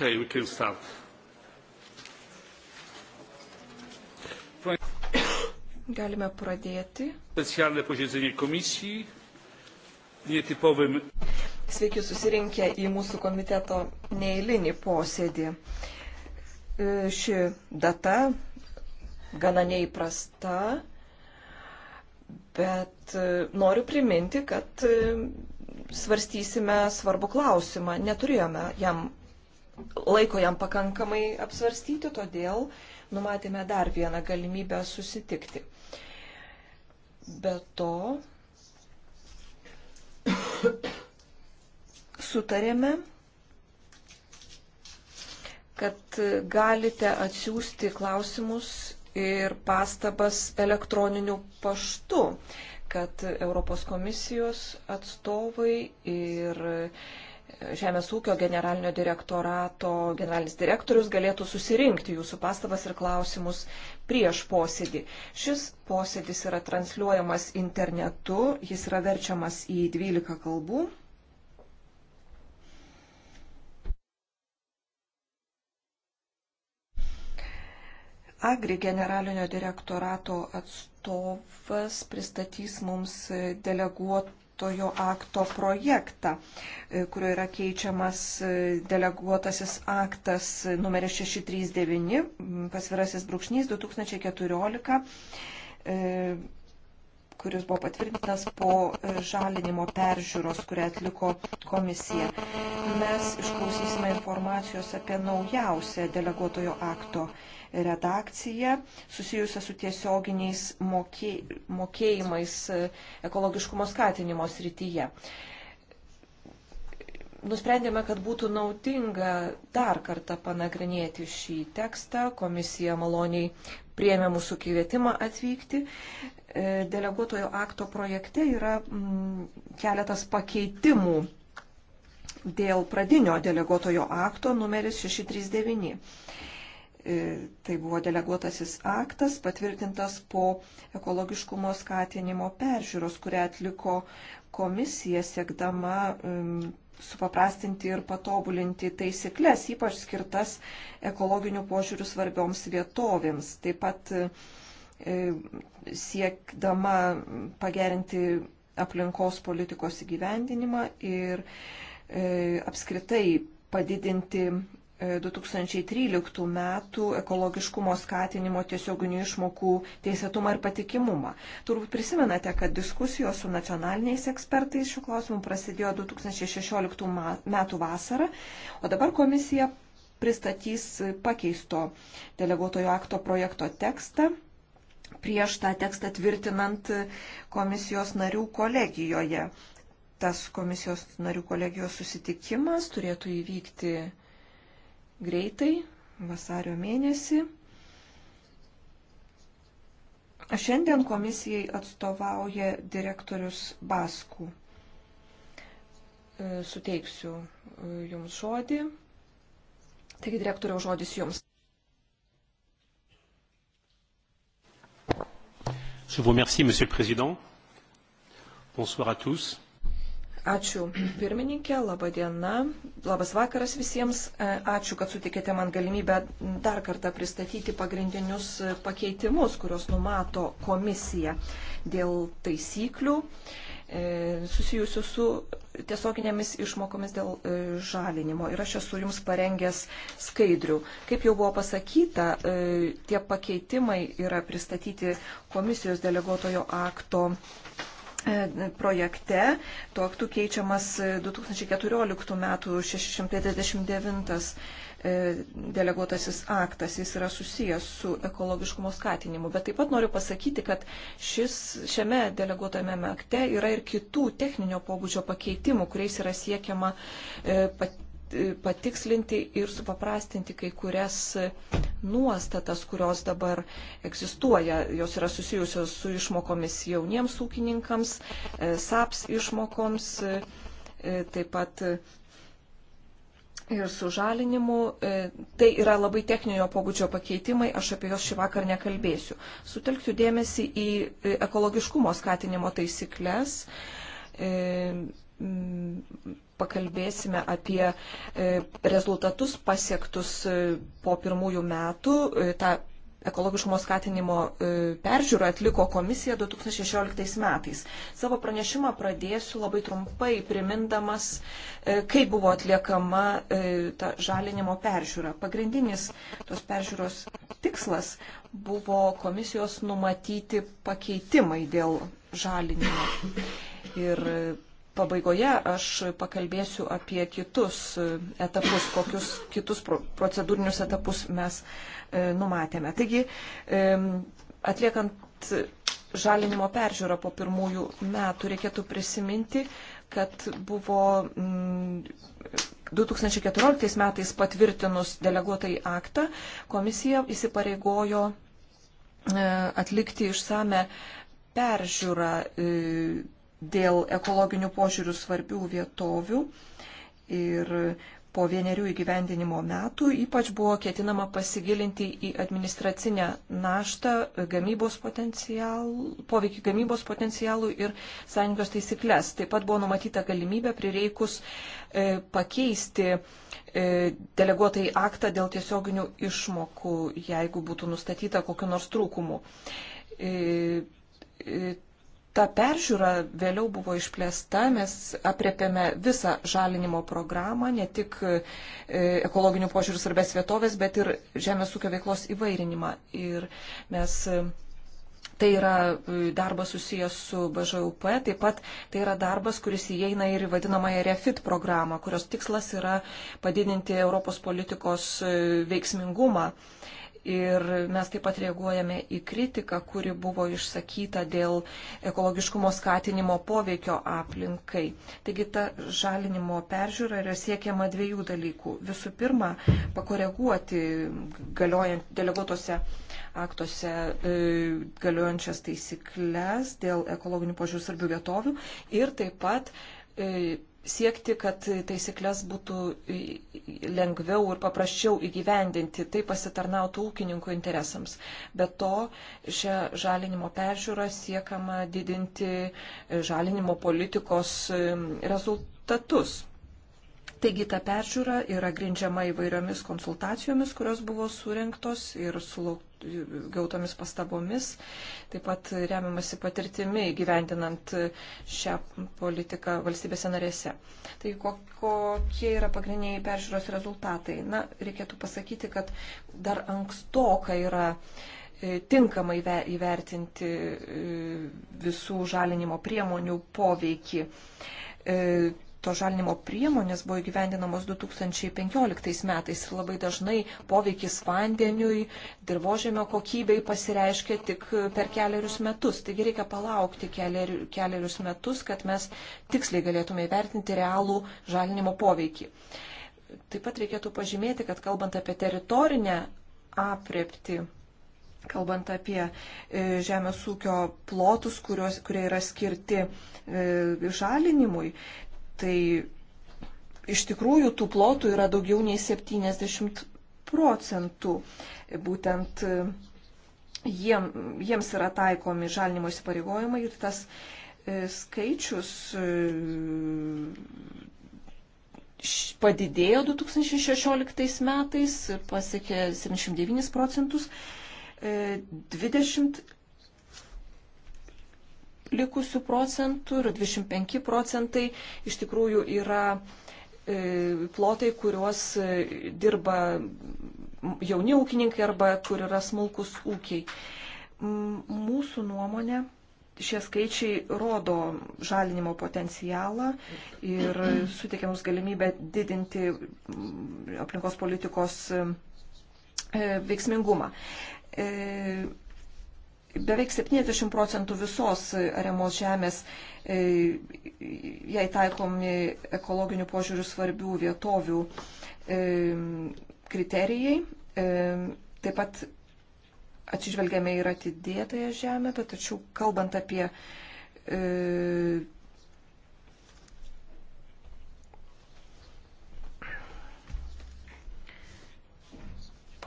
Okay, we can start. Galime pradėti. Specialne posėdzenė komisijai, netipovim. Sveiki susirinkę į mūsų komiteto neįlinį posėdį. E, ši data gana neįprasta, bet e, noriu priminti, kad e, svarstysime svarbų klausimą. Neturėjome jam laiko jam pakankamai apsvarstyti, todėl numatėme dar vieną galimybę susitikti. Be to, sutarėme, kad galite atsiųsti klausimus ir pastabas elektroniniu paštu, kad Europos komisijos atstovai ir Žemės ūkio generalinio direktorato generalinis direktorius galėtų susirinkti jūsų pastabas ir klausimus prieš posėdį. Šis posėdis yra transliuojamas internetu, jis yra verčiamas į 12 kalbų. Agri generalinio direktorato atstovas pristatys mums deleguotų deleguotojo akto projektą, e, kurio yra keičiamas e, deleguotasis aktas numeris 639, pasvirasis brūkšnys 2014 kuris buvo patvirtintas po e, žalinimo peržiūros, kurią atliko komisija. Mes išklausysime informacijos apie naujausią deleguotojo akto redakciją susijusią su tiesioginiais mokė, mokėjimais e, ekologiškumo skatinimo srityje nusprendėme, kad būtų nautinga dar kartą panagrinėti šį tekstą. Komisija maloniai priėmė mūsų kvietimą atvykti. E, deleguotojo akto projekte yra mm, keletas pakeitimų dėl pradinio deleguotojo akto numeris 639. E, tai buvo deleguotasis aktas patvirtintas po ekologiškumo skatinimo peržiūros, kurią atliko komisija siekdama mm, supaprastinti ir patobulinti taisyklės, ypač skirtas ekologinių požiūrių svarbioms vietovėms. Taip pat e, siekdama pagerinti aplinkos politikos įgyvendinimą ir e, apskritai padidinti 2013 metų ekologiškumo skatinimo tiesioginių išmokų teisėtumą ir patikimumą. Turbūt prisimenate, kad diskusijos su nacionaliniais ekspertais šiuo klausimu prasidėjo 2016 metų vasarą, o dabar komisija pristatys pakeisto deleguotojo akto projekto tekstą prieš tą tekstą tvirtinant komisijos narių kolegijoje. Tas komisijos narių kolegijos susitikimas turėtų įvykti greitai, vasario mėnesį. Šiandien komisijai atstovauja direktorius Baskų. E, suteiksiu e, jums žodį. Taigi direktoriaus žodis jums. Je vous remercie, Monsieur le Président. Bonsoir à tous. Ačiū pirmininkė, laba diena, labas vakaras visiems. E, ačiū, kad sutikėte man galimybę dar kartą pristatyti pagrindinius pakeitimus, kuriuos numato komisija dėl taisyklių e, susijusių su tiesioginėmis išmokomis dėl e, žalinimo. Ir aš esu jums parengęs skaidrių. Kaip jau buvo pasakyta, tie pakeitimai yra pristatyti komisijos deleguotojo akto E, projekte. Tuo aktu keičiamas 2014 m. 639 deleguotasis aktas. Jis yra susijęs su ekologiškumo skatinimu. Bet taip pat noriu pasakyti, kad šis, šiame deleguotame akte yra ir kitų techninio pobūdžio pakeitimų, kuriais yra siekiama e, pat patikslinti ir supaprastinti kai kurias nuostatas, kurios dabar egzistuoja. Jos yra susijusios su išmokomis jauniems ūkininkams, e, SAPS išmokoms, e, e, taip pat ir su žalinimu. Tai yra labai techninio pobūdžio pakeitimai, aš apie juos šį vakar nekalbėsiu. Sutelksiu dėmesį į ekologiškumo skatinimo taisyklės pakalbėsime apie e, rezultatus pasiektus e, po pirmųjų metų. E, ta ekologiškumo skatinimo peržiūrą atliko komisija 2016 metais. Savo pranešimą pradėsiu labai trumpai primindamas, kaip buvo atliekama ta žalinimo peržiūra. Pagrindinis tos peržiūros tikslas buvo komisijos numatyti pakeitimai dėl žalinimo. Ir pabaigoje aš pakalbėsiu apie kitus e, etapus, kokius kitus procedūrinius etapus mes e, numatėme. Taigi, e, atliekant žalinimo peržiūrą po pirmųjų metų, reikėtų prisiminti, kad buvo 2014 mm, metais patvirtinus deleguotai aktą, komisija įsipareigojo atlikti išsame peržiūrą dėl ekologinių požiūrių svarbių vietovių ir po vienerių įgyvendinimo metų ypač buvo ketinama pasigilinti į administracinę naštą, gamybos poveikį gamybos potencialų ir sąjungos taisyklės. Taip pat buvo numatyta galimybė prireikus e, pakeisti e, deleguotai aktą dėl tiesioginių išmokų, jeigu būtų nustatyta kokiu nors trūkumu. E, e, ta peržiūra vėliau buvo išplėsta, mes apriepėme visą žalinimo programą, ne tik e, ekologinių požiūrių svarbės vietovės, bet ir žemės ūkio veiklos įvairinimą. Ir mes e, tai yra e, darbas susijęs su BŽUP, taip pat tai yra darbas, kuris įeina ir į vadinamąją REFIT programą, kurios tikslas yra padidinti Europos politikos veiksmingumą. Ir mes taip pat reaguojame į kritiką, kuri buvo išsakyta dėl ekologiškumo skatinimo poveikio aplinkai. Taigi ta žalinimo peržiūra yra siekiama dviejų dalykų. Visų pirma, pakoreguoti galiojant deleguotose aktuose e, galiojančias taisyklės dėl ekologinių požiūrų svarbių vietovių ir taip pat e, siekti, kad taisyklės būtų lengviau ir paprasčiau įgyvendinti, tai pasitarnautų ūkininkų interesams. Be to, šią žalinimo peržiūrą siekama didinti žalinimo politikos rezultatus. Taigi ta peržiūra yra grindžiama įvairiomis konsultacijomis, kurios buvo surinktos ir sulaukta gautomis pastabomis, taip pat remiamasi patirtimi gyvendinant šią politiką valstybėse narėse. Tai kokie yra pagrindiniai peržiūros rezultatai? Na, reikėtų pasakyti, kad dar ankstoka yra e, tinkamai įvertinti e, visų žalinimo priemonių poveikį e, to žalinimo priemonės buvo įgyvendinamos 2015 metais ir labai dažnai poveikis vandeniui, dirbožėmio kokybei pasireiškia tik per keliarius metus. Taigi reikia palaukti keliari, keliarius metus, kad mes tiksliai galėtume įvertinti realų žalinimo poveikį. Taip pat reikėtų pažymėti, kad kalbant apie teritorinę apriepti, kalbant apie e, žemės ūkio plotus, kurios, kurie yra skirti e, žalinimui, Tai iš tikrųjų tų plotų yra daugiau nei 70 procentų. Būtent e, jiem, jiems yra taikomi žalinimo įsipareigojimai ir tas e, skaičius e, padidėjo 2016 metais, pasiekė 79 procentus. 20 likusių procentų ir 25 procentai iš tikrųjų yra e, plotai, kuriuos e, dirba jauni ūkininkai arba kur yra smulkus ūkiai. Mūsų nuomonė, šie skaičiai rodo žalinimo potencialą ir suteikia mums galimybę didinti aplinkos politikos e, veiksmingumą beveik 70 procentų visos ariamos žemės, e, jai taikomi ekologinių požiūrių svarbių vietovių e, kriterijai. E, taip pat atsižvelgiame ir atidėtąją žemę, bet tačiau kalbant apie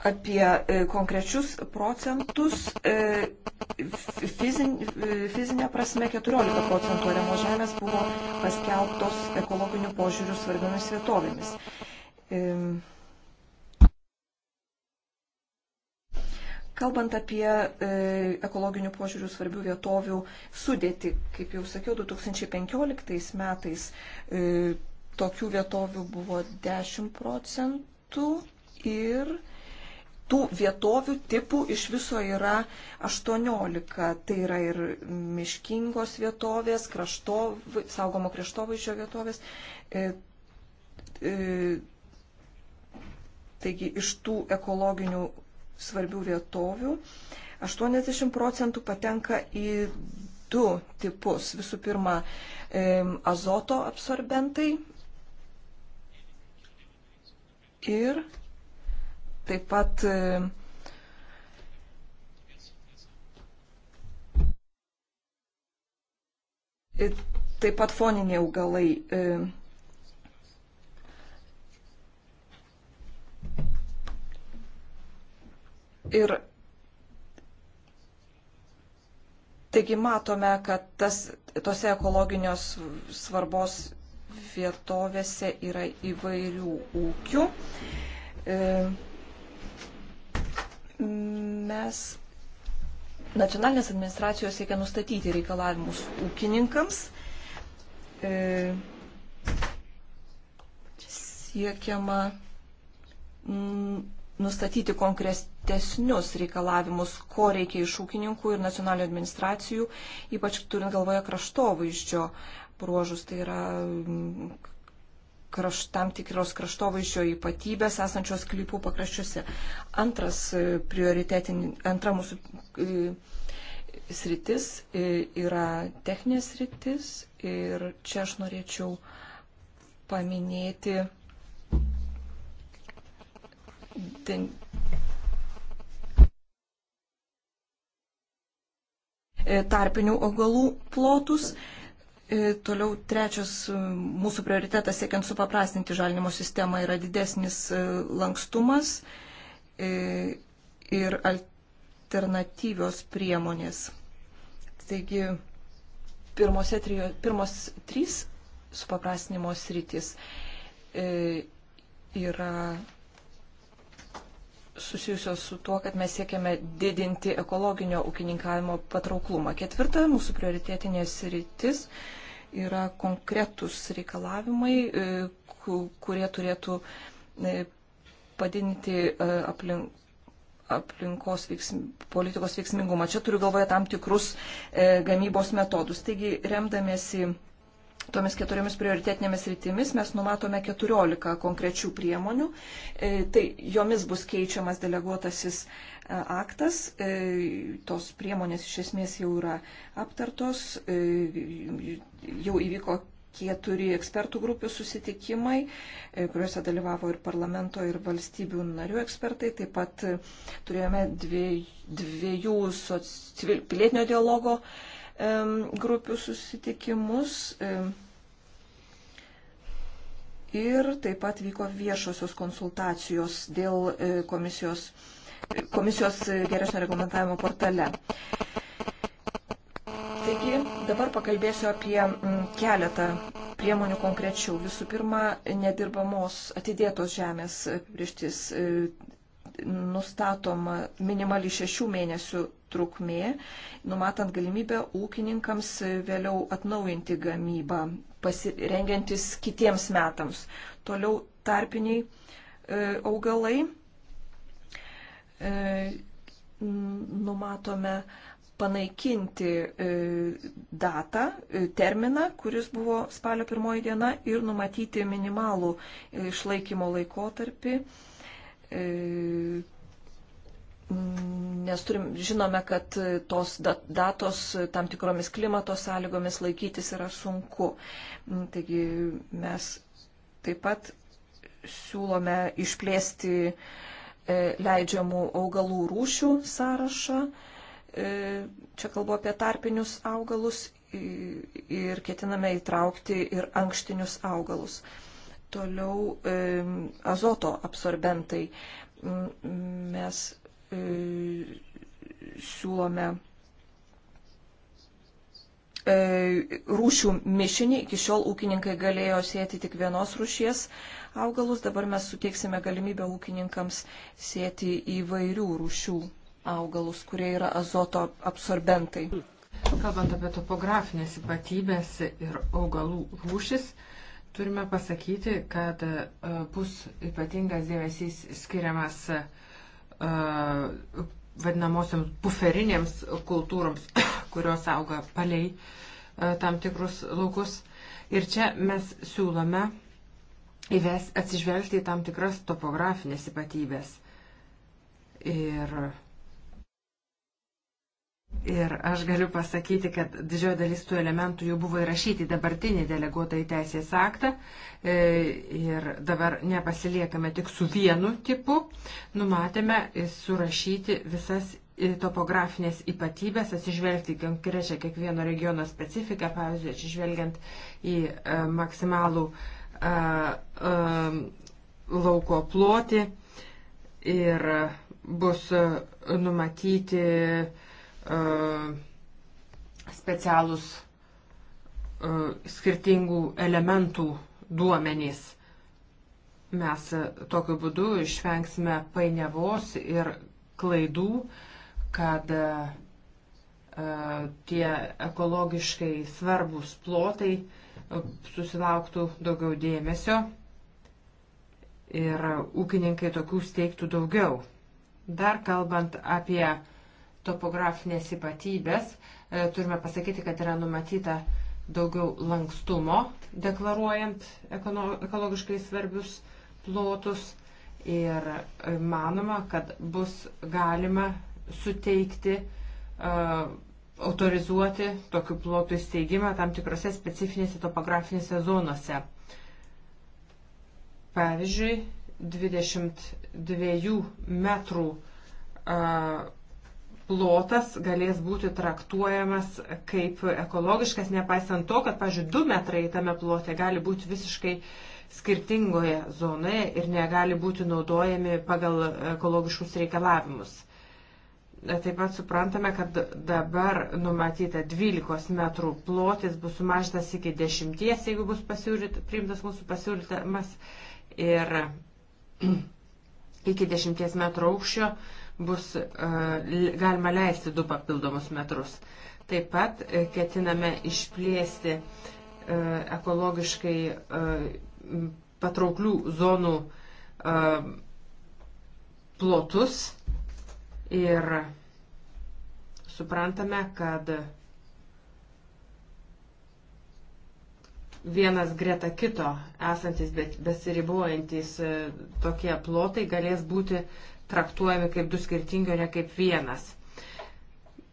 apie e, konkrečius procentus. E, fizin, e, fizinė prasme 14 procentų ariamos žemės buvo paskelbtos ekologinių požiūrių svarbiomis vietovėmis. Kalbant apie e, ekologinių požiūrių svarbių vietovių sudėti, kaip jau sakiau, 2015 metais e, tokių vietovių buvo 10 procentų ir e, tų vietovių tipų iš viso yra 18. Tai yra ir miškingos vietovės, krašto, saugomo kraštovaizdžio vietovės. E, e, taigi iš tų ekologinių svarbių vietovių 80 procentų patenka į du tipus. Visų pirma, e, azoto absorbentai ir Taip pat e, e, taip pat foniniai augalai. E, ir taigi matome, kad tas, tose ekologinios svarbos vietovėse yra įvairių ūkių. E, mes nacionalinės administracijos reikia nustatyti reikalavimus ūkininkams. E, siekiama mm, nustatyti konkretesnius reikalavimus, ko reikia iš ūkininkų ir nacionalinių administracijų, ypač turint galvoje kraštovaizdžio bruožus, tai yra mm, kraš, tam tikros kraštovaizdžio ypatybės esančios klypų pakraščiuose. Antras e, prioritetin, antra mūsų e, sritis e, yra techninės sritis ir čia aš norėčiau paminėti den, tarpinių augalų plotus. E, E, toliau trečias e, mūsų prioritetas siekiant supaprastinti žalinimo sistemą yra didesnis e, lankstumas ir alternatyvios priemonės. Taigi pirmose trijo, pirmos trys supaprastinimo sritis yra susijusios su tuo, kad mes siekiame didinti ekologinio ūkininkavimo patrauklumą. Ketvirta mūsų prioritėtinė sritis yra konkretus reikalavimai, e, kurie turėtų e, padinti e, aplink, aplinkos veiksm, politikos veiksmingumą. Čia turiu galvoje tam tikrus e, gamybos metodus. Taigi, remdamėsi Tomis keturiomis prioritetinėmis rytimis mes numatome 14 konkrečių priemonių. E, tai jomis bus keičiamas deleguotasis e, aktas. E, tos priemonės iš esmės jau yra aptartos. Jau įvyko keturi ekspertų grupių susitikimai, kuriuose dalyvavo ir parlamento, ir valstybių narių ekspertai. Taip pat turėjome dviejų soc... pilietinio dialogo grupių susitikimus. Ir taip pat vyko viešosios konsultacijos dėl e, komisijos, komisijos geresnio reglamentavimo portale. Taigi dabar pakalbėsiu apie keletą priemonių konkrečių. Visų pirma, nedirbamos atidėtos žemės apibrieštis e, nustatoma minimali šešių mėnesių trukmė, numatant galimybę ūkininkams vėliau atnaujinti gamybą, pasirengiantis kitiems metams. Toliau tarpiniai e, augalai. E, numatome panaikinti e, datą, e, terminą, kuris buvo spalio pirmoji diena ir numatyti minimalų e, išlaikymo laikotarpį, nes turim, žinome, kad tos datos tam tikromis klimato sąlygomis laikytis yra sunku. Taigi mes taip pat siūlome išplėsti e, leidžiamų augalų rūšių sąrašą. E, čia kalbu apie tarpinius augalus ir ketiname įtraukti ir ankštinius augalus. Toliau e, azoto absorbentai. Mes E, siūlome e, rūšių mišinį. Iki šiol ūkininkai galėjo sėti tik vienos rūšies augalus, dabar mes suteiksime galimybę ūkininkams sėti įvairių rūšių augalus, kurie yra azoto absorbentai. Kalbant apie topografinės ypatybės ir augalų rūšis, turime pasakyti, kad bus e, ypatingas dėmesys skiriamas uh, vadinamosiams buferinėms kultūroms, kurios auga paliai tam tikrus laukus. Ir čia mes siūlome įves, atsižvelgti į tam tikras topografinės ypatybės. Ir Ir aš galiu pasakyti, kad didžioji dalis tų elementų jau buvo įrašyti dabartinį deleguotą į teisės aktą e, ir dabar nepasiliekame tik su vienu tipu, numatėme surašyti visas topografinės ypatybės, atsižvelgti konkrečią kiekvieno regiono specifiką, pavyzdžiui, atsižvelgiant į e, maksimalų e, lauko plotį ir bus numatyti E, specialūs e, skirtingų elementų duomenys. Mes tokiu būdu išvengsime painiavos ir klaidų, kad e, tie ekologiškai svarbus plotai susilauktų daugiau dėmesio ir ūkininkai tokių steigtų daugiau. Dar kalbant apie topografinės ypatybės. E, turime pasakyti, kad yra numatyta daugiau lankstumo deklaruojant ekologiškai svarbius plotus ir e, manoma, kad bus galima suteikti, e, autorizuoti tokių plotų įsteigimą tam tikrose specifinėse topografinėse zonose. Pavyzdžiui, 22 metrų uh, plotas galės būti traktuojamas kaip ekologiškas, nepaisant to, kad, pažiūrėjau, 2 metrai tame plote gali būti visiškai skirtingoje zonoje ir negali būti naudojami pagal ekologiškus reikalavimus. Taip pat suprantame, kad dabar numatyta 12 metrų plotis bus sumažintas iki 10, jeigu bus pasiūlyt, priimtas mūsų pasiūlymas ir iki 10 metrų aukščio bus e, galima leisti du papildomus metrus. Taip pat e, ketiname išplėsti e, ekologiškai patrauklių zonų plotus ir suprantame, kad vienas greta kito esantis, bet besiribuojantis e, tokie plotai galės būti traktuojami kaip du skirtingi, o ne kaip vienas.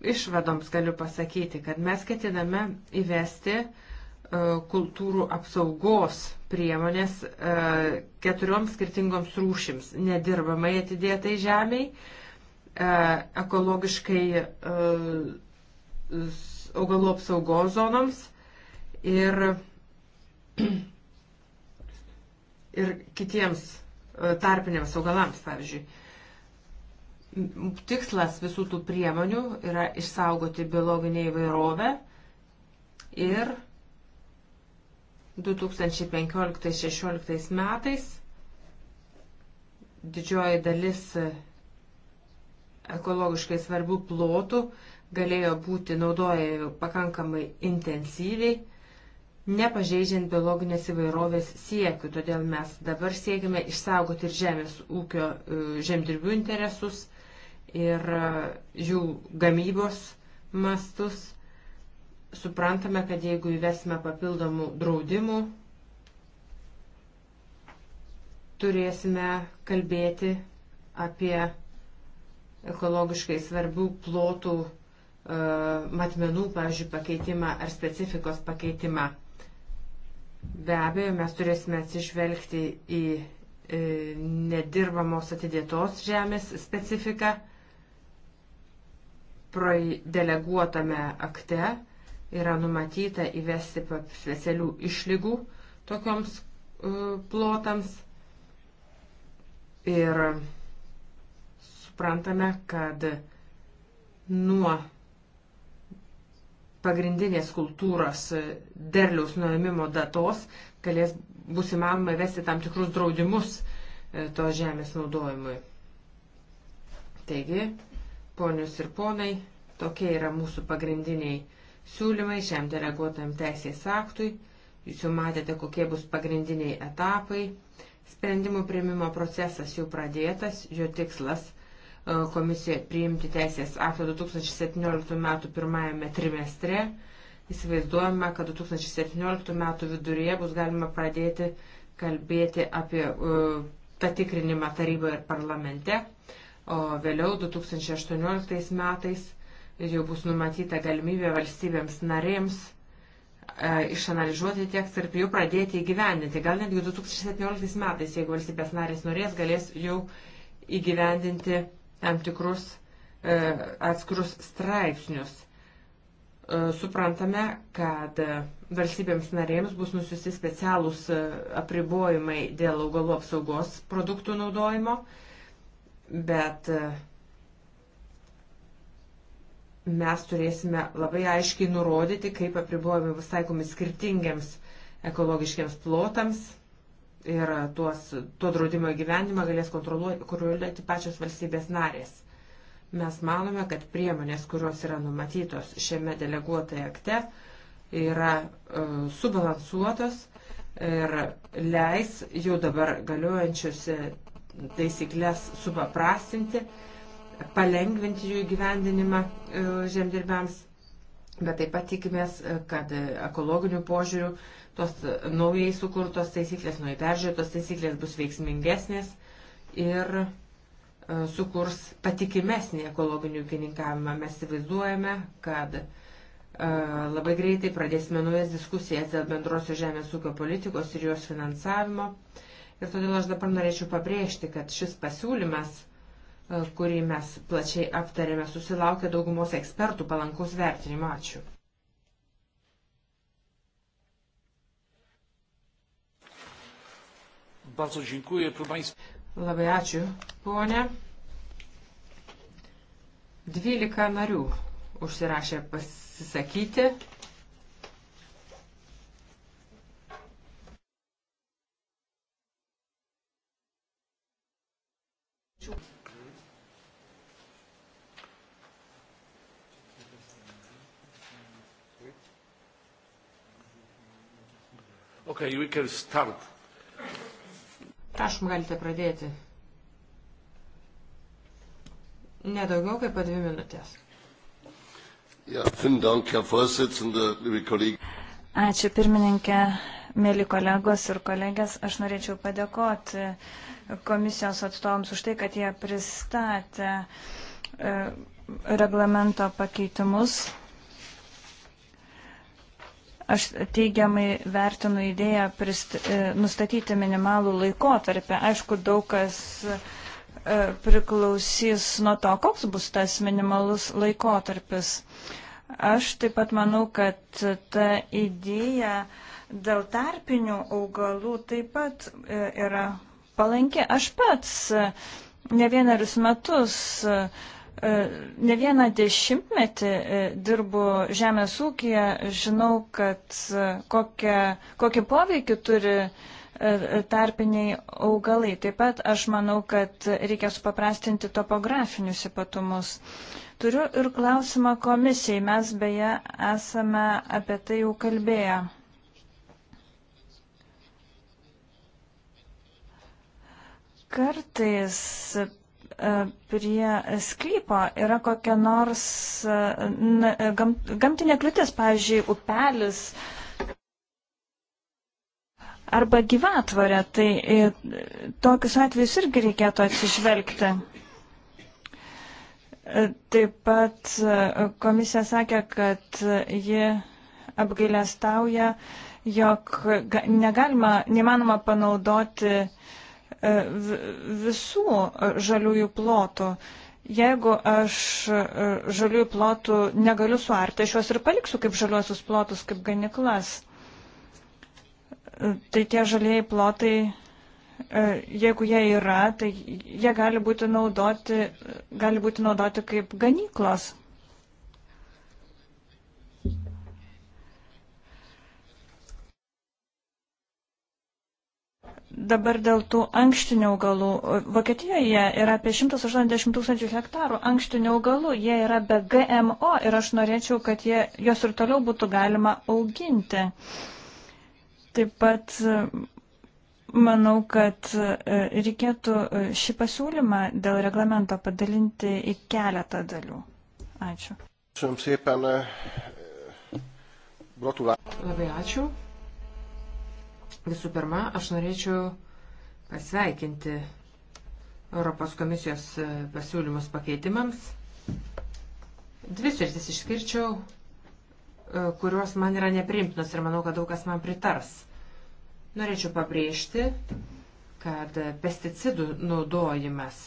Išvadoms galiu pasakyti, kad mes ketiname įvesti e, kultūrų apsaugos priemonės e, keturioms skirtingoms rūšims - nedirbamai atidėtai žemiai, ekologiškai augalų apsaugos zonoms ir ir kitiems e, tarpiniams augalams, pavyzdžiui. Tikslas visų tų priemonių yra išsaugoti biologinę įvairovę ir 2015-2016 metais didžioji dalis ekologiškai svarbių plotų galėjo būti naudojami pakankamai intensyviai nepažeidžiant biologinės įvairovės siekių. Todėl mes dabar siekime išsaugoti ir žemės ūkio e, žemdirbių interesus ir e, jų gamybos mastus. Suprantame, kad jeigu įvesime papildomų draudimų, turėsime kalbėti apie ekologiškai svarbių plotų e, matmenų, pavyzdžiui, pakeitimą ar specifikos pakeitimą. Be abejo, mes turėsime atsižvelgti į e, nedirbamos atidėtos žemės specifiką. Deleguotame akte yra numatyta įvesti specialių išlygų tokioms e, plotams. Ir suprantame, kad nuo pagrindinės kultūros derliaus nuėmimo datos galės bus įmanoma vesti tam tikrus draudimus e, to žemės naudojimui. Taigi, ponius ir ponai, tokie yra mūsų pagrindiniai siūlymai šiam deleguotam teisės aktui. Jūs jau matėte, kokie bus pagrindiniai etapai. Sprendimų prieimimo procesas jau pradėtas, jo tikslas E, komisija priimti teisės aktą 2017 metų pirmajame trimestre. Įsivaizduojame, kad 2017 metų viduryje bus galima pradėti kalbėti apie uh, tą tikrinimą taryboje ir parlamente, o vėliau 2018 metais jau bus numatyta galimybė valstybėms narėms e, išanalizuoti tekstą ir jau pradėti įgyvendinti. Gal netgi 2017 metais, jeigu valstybės narės norės, galės jau įgyvendinti tam tikrus e, atskirus straipsnius. E, suprantame, kad valstybėms narėms bus nusiusti specialūs e, apribojimai dėl augalų apsaugos produktų naudojimo, bet e, mes turėsime labai aiškiai nurodyti, kaip apribojimai bus taikomi skirtingiams ekologiškiams plotams ir tuos, to draudimo gyvenimą galės kontroliuoti pačios valstybės narės. Mes manome, kad priemonės, kurios yra numatytos šiame deleguotoje akte, yra e, subalansuotos ir leis jau dabar galiojančius e, taisyklės supaprastinti, palengvinti jų gyvendinimą e, žemdirbėms, bet taip pat tikimės, kad ekologinių požiūrių e, tos naujai sukurtos taisyklės, naujai peržiūrėtos taisyklės bus veiksmingesnės ir e, sukurs patikimesnį ekologinį ūkininkavimą. Mes įsivaizduojame, kad e, labai greitai pradėsime naujas diskusijas dėl bendrosios žemės ūkio politikos ir jos finansavimo. Ir todėl aš dabar norėčiau pabrėžti, kad šis pasiūlymas, e, kurį mes plačiai aptarėme, susilaukė daugumos ekspertų palankaus vertinimo. Ačiū. Bardzo dziękuję, proszę Państwa. Labai ačiū, ponė. 12 narių užsirašė pasisakyti. Okay, we can start. Prašom, galite pradėti. Nedaugiau kaip po dvi minutės. Ja, dank, Ačiū pirmininkė, mėly kolegos ir kolegės. Aš norėčiau padėkoti komisijos atstovams už tai, kad jie pristatė e, reglamento pakeitimus Aš teigiamai vertinu idėją prist, e, nustatyti minimalų laikotarpį. Aišku, daug kas e, priklausys nuo to, koks bus tas minimalus laikotarpis. Aš taip pat manau, kad ta idėja dėl tarpinių augalų taip pat e, yra palanki. Aš pats ne vienerius metus uh, E, ne vieną dešimtmetį e, dirbu žemės ūkija, žinau, kad e, kokią, kokį poveikį turi tarpiniai augalai. Taip pat aš manau, kad reikia supaprastinti topografinius ypatumus. Turiu ir klausimą komisijai. Mes beje esame apie tai jau kalbėję. Kartais prie sklypo yra kokia nors gam, gamtinė kliūtis, pavyzdžiui, upelis arba gyvatvorė, tai e, tokius atvejus irgi reikėtų atsižvelgti. E, taip pat e, komisija sakė, kad ji apgailestauja, jog negalima, neįmanoma panaudoti uh, E, visų žaliųjų plotų. Jeigu aš e, žaliųjų plotų negaliu suarti, aš juos ir paliksiu kaip žaliuosius plotus, kaip ganiklas. E, tai tie žalieji plotai, jeigu jie yra, tai jie gali būti naudoti, gali būti naudoti kaip ganiklos. Dabar dėl tų ankštinių augalų. Vokietijoje yra apie 180 tūkstančių hektarų ankštinių augalų. Jie yra be GMO ir aš norėčiau, kad jie, jos ir toliau būtų galima auginti. Taip pat e, manau, kad e, reikėtų e, šį pasiūlymą dėl reglamento padalinti į keletą dalių. Ačiū. Labai ačiū. Visų pirma, aš norėčiau pasveikinti Europos komisijos pasiūlymus pakeitimams. Dvi sritis išskirčiau, e, kurios man yra neprimtinos ir manau, kad daug kas man pritars. Norėčiau pabrėžti, kad pesticidų naudojimas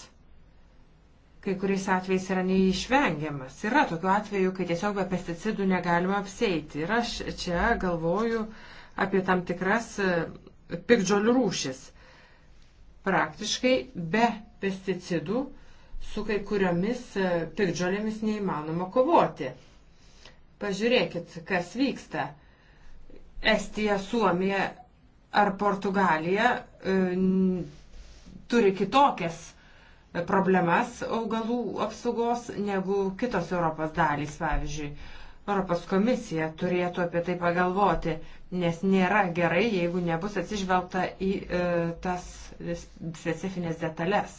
kai kuriais atvejais yra neišvengiamas. Yra tokių atvejų, kai tiesiog be pesticidų negalima apseiti. Ir aš čia galvoju, uh, apie tam tikras e, pikdžiolių rūšis. Praktiškai be pesticidų su kai kuriomis e, pikdžiolėmis neįmanoma kovoti. Pažiūrėkit, kas vyksta. Estija, Suomija ar Portugalija e, turi kitokias e, problemas augalų apsaugos negu kitos Europos dalys, pavyzdžiui. Europos komisija turėtų apie tai pagalvoti, nes nėra gerai, jeigu nebus atsižvelgta į e, tas specifines detalės.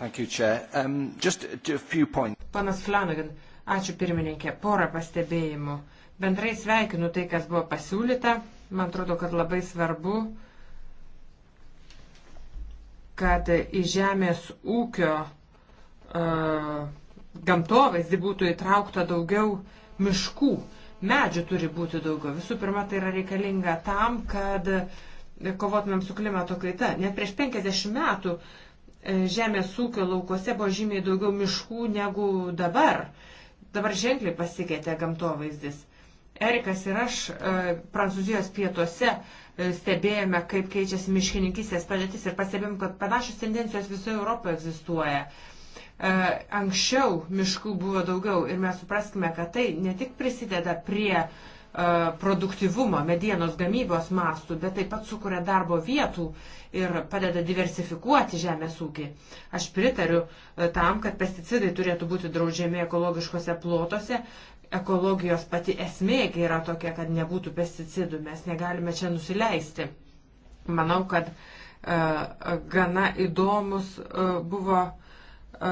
Thank you, Chair. Um, just a few points. Panas Flanagan, ačiū pirmininkė, porą pastebėjimų. Bendrai sveikinu tai, kas buvo pasiūlyta. Man atrodo, kad labai svarbu, kad į žemės ūkio gamtovaizdį būtų įtraukta daugiau miškų. Medžių turi būti daugiau. Visų pirma, tai yra reikalinga tam, kad kovotumėm su klimato kaita. Net prieš 50 metų e, žemės ūkio laukuose buvo žymiai daugiau miškų negu dabar. Dabar ženkliai pasikeitė gamtovaizdis. Erikas ir aš e, Prancūzijos pietuose e, stebėjome, kaip keičiasi miškininkysės padėtis ir pastebėjom, kad panašios tendencijos visoje Europoje egzistuoja. Uh, E, anksčiau miškų buvo daugiau ir mes supraskime, kad tai ne tik prisideda prie e, produktivumo medienos gamybos mastų, bet taip pat sukuria darbo vietų ir padeda diversifikuoti žemės ūkį. Aš pritariu e, tam, kad pesticidai turėtų būti draudžiami ekologiškose plotuose. Ekologijos pati esmė yra tokia, kad nebūtų pesticidų, mes negalime čia nusileisti. Manau, kad gana įdomus buvo E,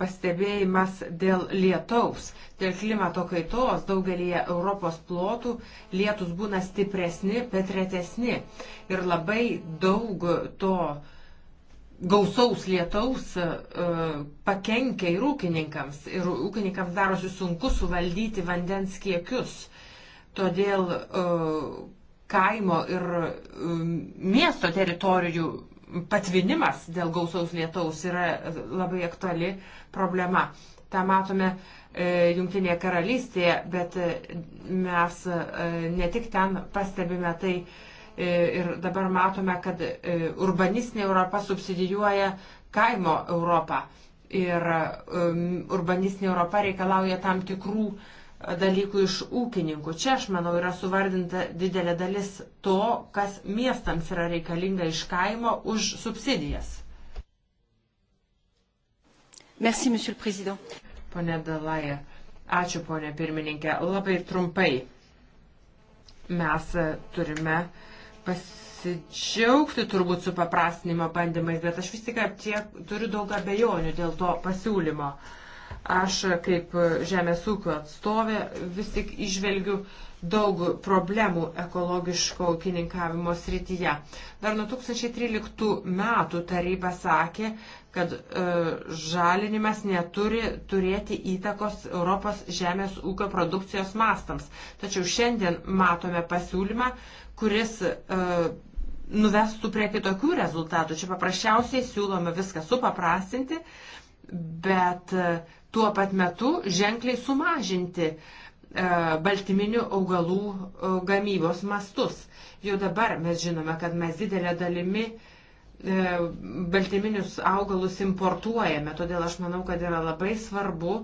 pastebėjimas dėl lietaus, dėl klimato kaitos daugelį Europos plotų lietus būna stipresni, bet retesni. Ir labai daug to gausaus lietaus e, pakenkia ir ūkininkams. Ir ūkininkams darosi sunku suvaldyti vandens kiekius. Todėl e, kaimo ir miesto teritorijų patvinimas dėl gausaus lietaus yra labai aktuali problema. Ta matome e, Junktinėje karalystėje, bet e, mes e, ne tik ten pastebime tai e, ir dabar matome, kad e, urbanistinė Europa subsidijuoja kaimo Europą. Ir um, urbanistinė Europa reikalauja tam tikrų uh, dalykų iš ūkininkų. Čia, aš manau, yra suvardinta didelė dalis to, kas miestams yra reikalinga iš kaimo už subsidijas. Merci, monsieur le président. Pone Dalaja, ačiū, ponė pirmininkė. Labai trumpai mes e, turime pasidžiaugti turbūt su paprastinimo bandymais, bet aš vis tik tiek turiu daug abejonių dėl to pasiūlymo. Uh, Aš kaip žemės ūkio atstovė vis tik išvelgiu daug problemų ekologiško ūkininkavimo srityje. Dar nuo 2013 metų taryba sakė, kad e, žalinimas neturi turėti įtakos Europos žemės ūkio produkcijos mastams. Tačiau šiandien matome pasiūlymą, kuris e, nuvestų prie kitokių rezultatų. Čia paprasčiausiai siūlome viską supaprastinti, bet e, tuo pat metu ženkliai sumažinti e, baltyminių augalų e, gamybos mastus. Jau dabar mes žinome, kad mes didelę dalimi e, baltyminius augalus importuojame, todėl aš manau, kad yra labai svarbu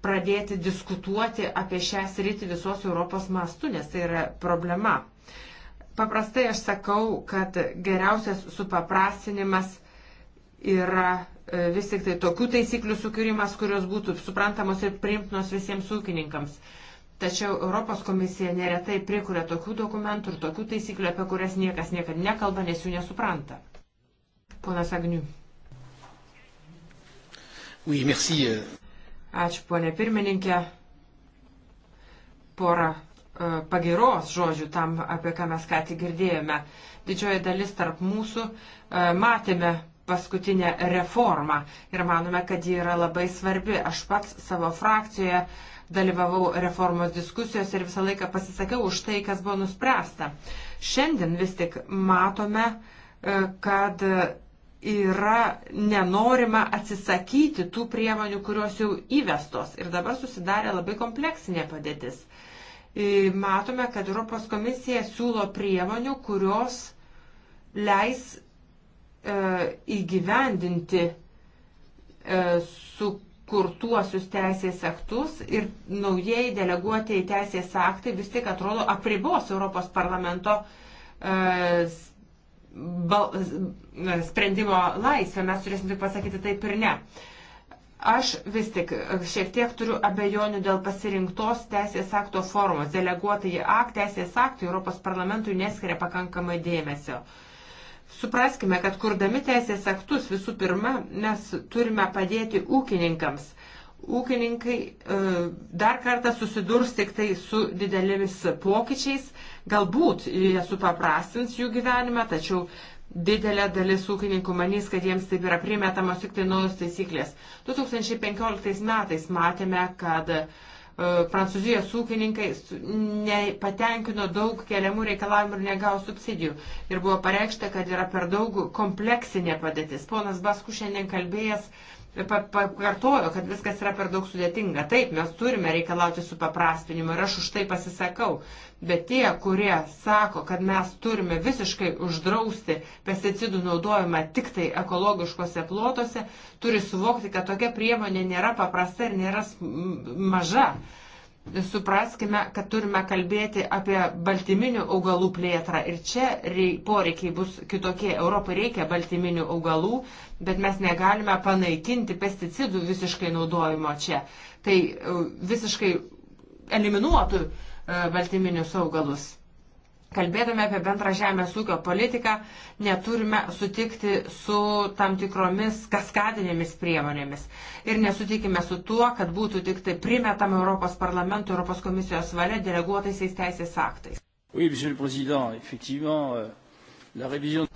pradėti diskutuoti apie šią sritį visos Europos mastu, nes tai yra problema. Paprastai aš sakau, kad geriausias supaprastinimas yra E, vis tik tai tokių taisyklių sukūrimas, kurios būtų suprantamos ir priimtinos visiems ūkininkams. Tačiau Europos komisija neretai prikuria tokių dokumentų ir tokių taisyklių, apie kurias niekas niekad nekalba, nes jų nesupranta. Ponas Agniu. Oui, merci. Euh. Ačiū, ponė pirmininkė. Porą e, pagiros žodžių tam, apie ką mes ką tik girdėjome. Didžioji dalis tarp mūsų e, matėme paskutinę reformą ir manome, kad ji yra labai svarbi. Aš pats savo frakcijoje dalyvavau reformos diskusijos ir visą laiką pasisakiau už tai, kas buvo nuspręsta. Šiandien vis tik matome, e, kad yra nenorima atsisakyti tų priemonių, kurios jau įvestos ir dabar susidarė labai kompleksinė padėtis. E, matome, kad Europos komisija siūlo priemonių, kurios leis E, įgyvendinti e, sukurtuosius teisės aktus ir naujai deleguoti į teisės aktai vis tik atrodo apribos Europos parlamento e, sprendimo laisvę. Mes turėsim tik pasakyti taip ir ne. Aš vis tik šiek tiek turiu abejonių dėl pasirinktos teisės akto formos. Deleguotai į aktą teisės aktų Europos parlamentui neskiria pakankamai dėmesio. Uh, Supraskime, kad kurdami teisės aktus visų pirma mes turime padėti ūkininkams. Ūkininkai e, dar kartą susidurs tik tai su didelėmis pokyčiais, galbūt jie supaprastins jų gyvenimą, tačiau didelė dalis ūkininkų manys, kad jiems taip yra primetamos tik tai naujos taisyklės. 2015 metais matėme, kad uh, E, Prancūzijos ūkininkai nepatenkino daug keliamų reikalavimų ir negavo subsidijų. Ir buvo pareikšta, kad yra per daug kompleksinė padėtis. Ponas Basku šiandien kalbėjęs e, pakartojo, kad viskas yra per daug sudėtinga. Taip, mes turime reikalauti supaprastinimo ir aš už tai pasisakau. Bet tie, kurie sako, kad mes turime visiškai uždrausti pesticidų naudojimą tik tai ekologiškose plotuose, turi suvokti, kad tokia priemonė nėra paprasta ir nėra maža. Supraskime, kad turime kalbėti apie baltyminių augalų plėtrą ir čia reik, poreikiai bus kitokie. Europai reikia baltyminių augalų, bet mes negalime panaikinti pesticidų visiškai naudojimo čia. Tai e, visiškai eliminuotų uh, E, baltyminius augalus. Kalbėdami apie bendrą žemės ūkio politiką, neturime sutikti su tam tikromis kaskadinėmis priemonėmis. Ir nesutikime su tuo, kad būtų tik tai primetama Europos parlamento, Europos komisijos valia deleguotaisiais teisės aktais. Oui, monsieur le président, effectivement, euh, la révision.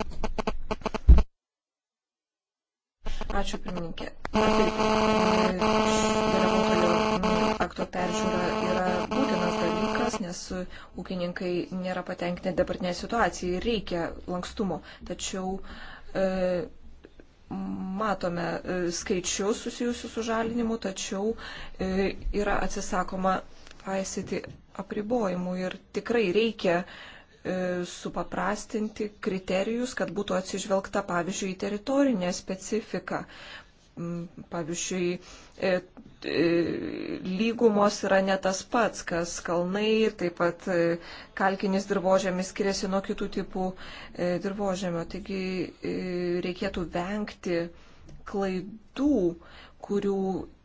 Ačiū pirmininkė. Taip, e, deleguotojo akto peržiūra yra pagalbos, nes e, ūkininkai nėra patenkinti dabartinė situacija ir reikia lankstumo. Tačiau e, matome e, skaičius susijusius su žalinimu, tačiau e, yra atsisakoma paisyti apribojimų ir tikrai reikia e, supaprastinti kriterijus, kad būtų atsižvelgta, pavyzdžiui, į teritorinę specifiką. Pavyzdžiui, e, e, lygumos yra ne tas pats, kas kalnai, taip pat e, kalkinis dirbožėmis skiriasi nuo kitų tipų dirbožėmio. Taigi reikėtų vengti klaidų, kurių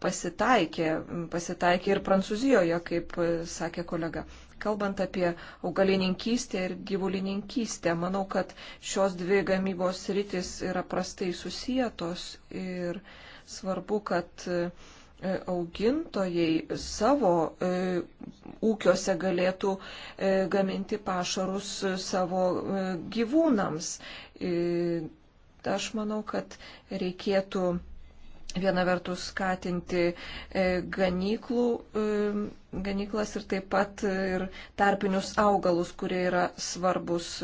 pasitaikė, pasitaikė ir Prancūzijoje, kaip sakė kolega. Kalbant apie augalininkystę ir gyvulininkystę, manau, kad šios dvi gamybos rytis yra prastai susijėtos ir svarbu, kad e, augintojai savo e, ūkiuose galėtų e, gaminti pašarus savo gyvūnams. Aš manau, kad reikėtų viena vertus skatinti e, ganyklų, e, ganyklas ir taip pat e, ir tarpinius augalus, kurie yra svarbus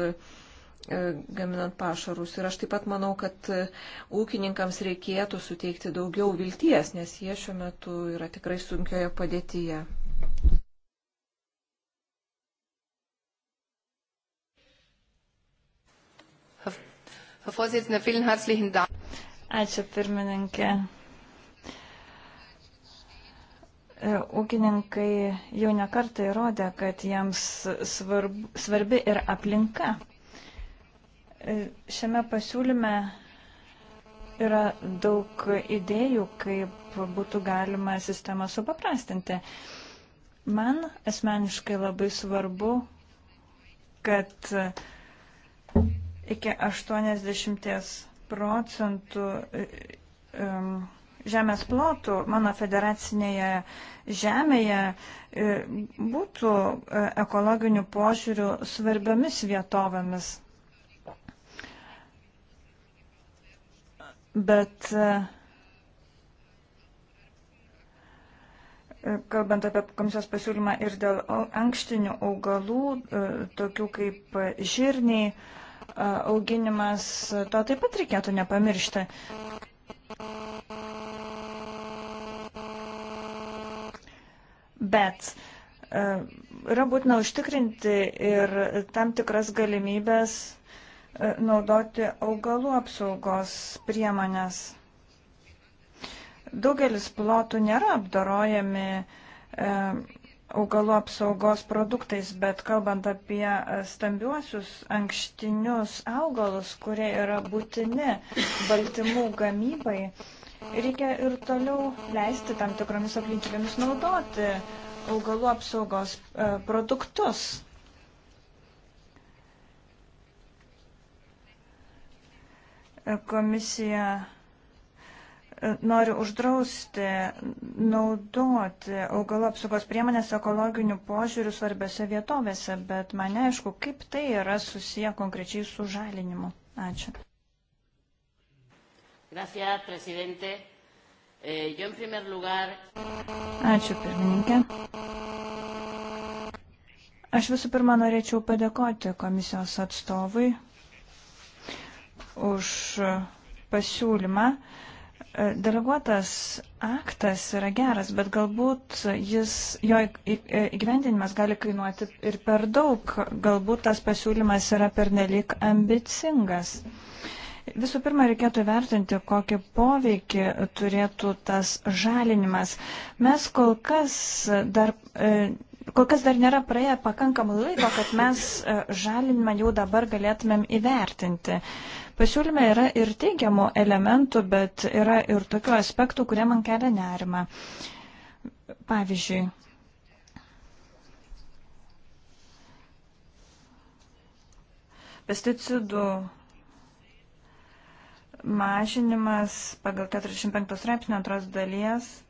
gaminant pašarus. Ir aš taip pat manau, kad ūkininkams reikėtų suteikti daugiau vilties, nes jie šiuo metu yra tikrai sunkioje padėtyje. Ačiū pirmininkė. E, ūkininkai jau nekartą įrodė, kad jiems svarb, svarbi ir aplinka. E, šiame pasiūlyme yra daug idėjų, kaip būtų galima sistemą supaprastinti. Man asmeniškai labai svarbu, kad iki 80 procentų um, žemės plotų mano federacinėje žemėje e, būtų e, ekologinių požiūrių svarbiomis vietovėmis. Bet e, kalbant apie komisijos pasiūlymą ir dėl ankštinių augalų, tokių kaip žirniai, auginimas, to taip pat reikėtų nepamiršti. bet e, yra būtina užtikrinti ir tam tikras galimybės e, naudoti augalų apsaugos priemonės. Daugelis plotų nėra apdorojami e, augalų apsaugos produktais, bet kalbant apie stambiuosius ankštinius augalus, kurie yra būtini baltymų gamybai, Reikia ir toliau leisti tam tikromis aplinkybėmis naudoti augalų apsaugos e, produktus. E, komisija e, nori uždrausti naudoti augalų apsaugos priemonės ekologinių požiūrių svarbiose vietovėse, bet man neaišku, kaip tai yra susiję konkrečiai su žalinimu. Ačiū. Gracias, presidente. Eh, yo, en primer lugar. Ačiū, pirmininkė. Aš visų pirma norėčiau padėkoti komisijos atstovui už pasiūlymą. Deleguotas aktas yra geras, bet galbūt jis, jo įgyvendinimas gali kainuoti ir per daug. Galbūt tas pasiūlymas yra pernelik ambicingas. Visų pirma, reikėtų vertinti, kokį poveikį turėtų tas žalinimas. Mes kol kas dar. E, kol kas dar nėra praėję pakankamai laiko, kad mes e, žalinimą jau dabar galėtumėm įvertinti. Pasiūlyme yra ir teigiamų elementų, bet yra ir tokių aspektų, kurie man kelia nerimą. Pavyzdžiui, pesticidų mažinimas pagal 45 straipsnio antros dalies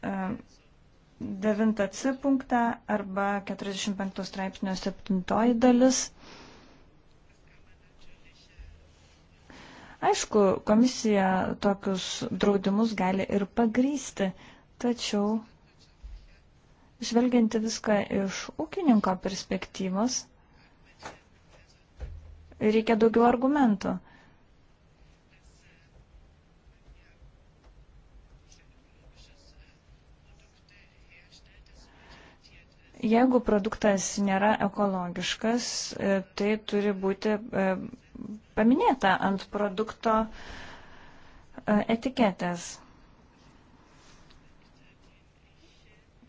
9c e, punktą arba 45 straipsnio 7 dalis. Aišku, komisija tokius draudimus gali ir pagrysti, tačiau žvelgianti viską iš ūkininko perspektyvos, Reikia daugiau argumentų. Jeigu produktas nėra ekologiškas, e, tai turi būti e, paminėta ant produkto e, etiketės.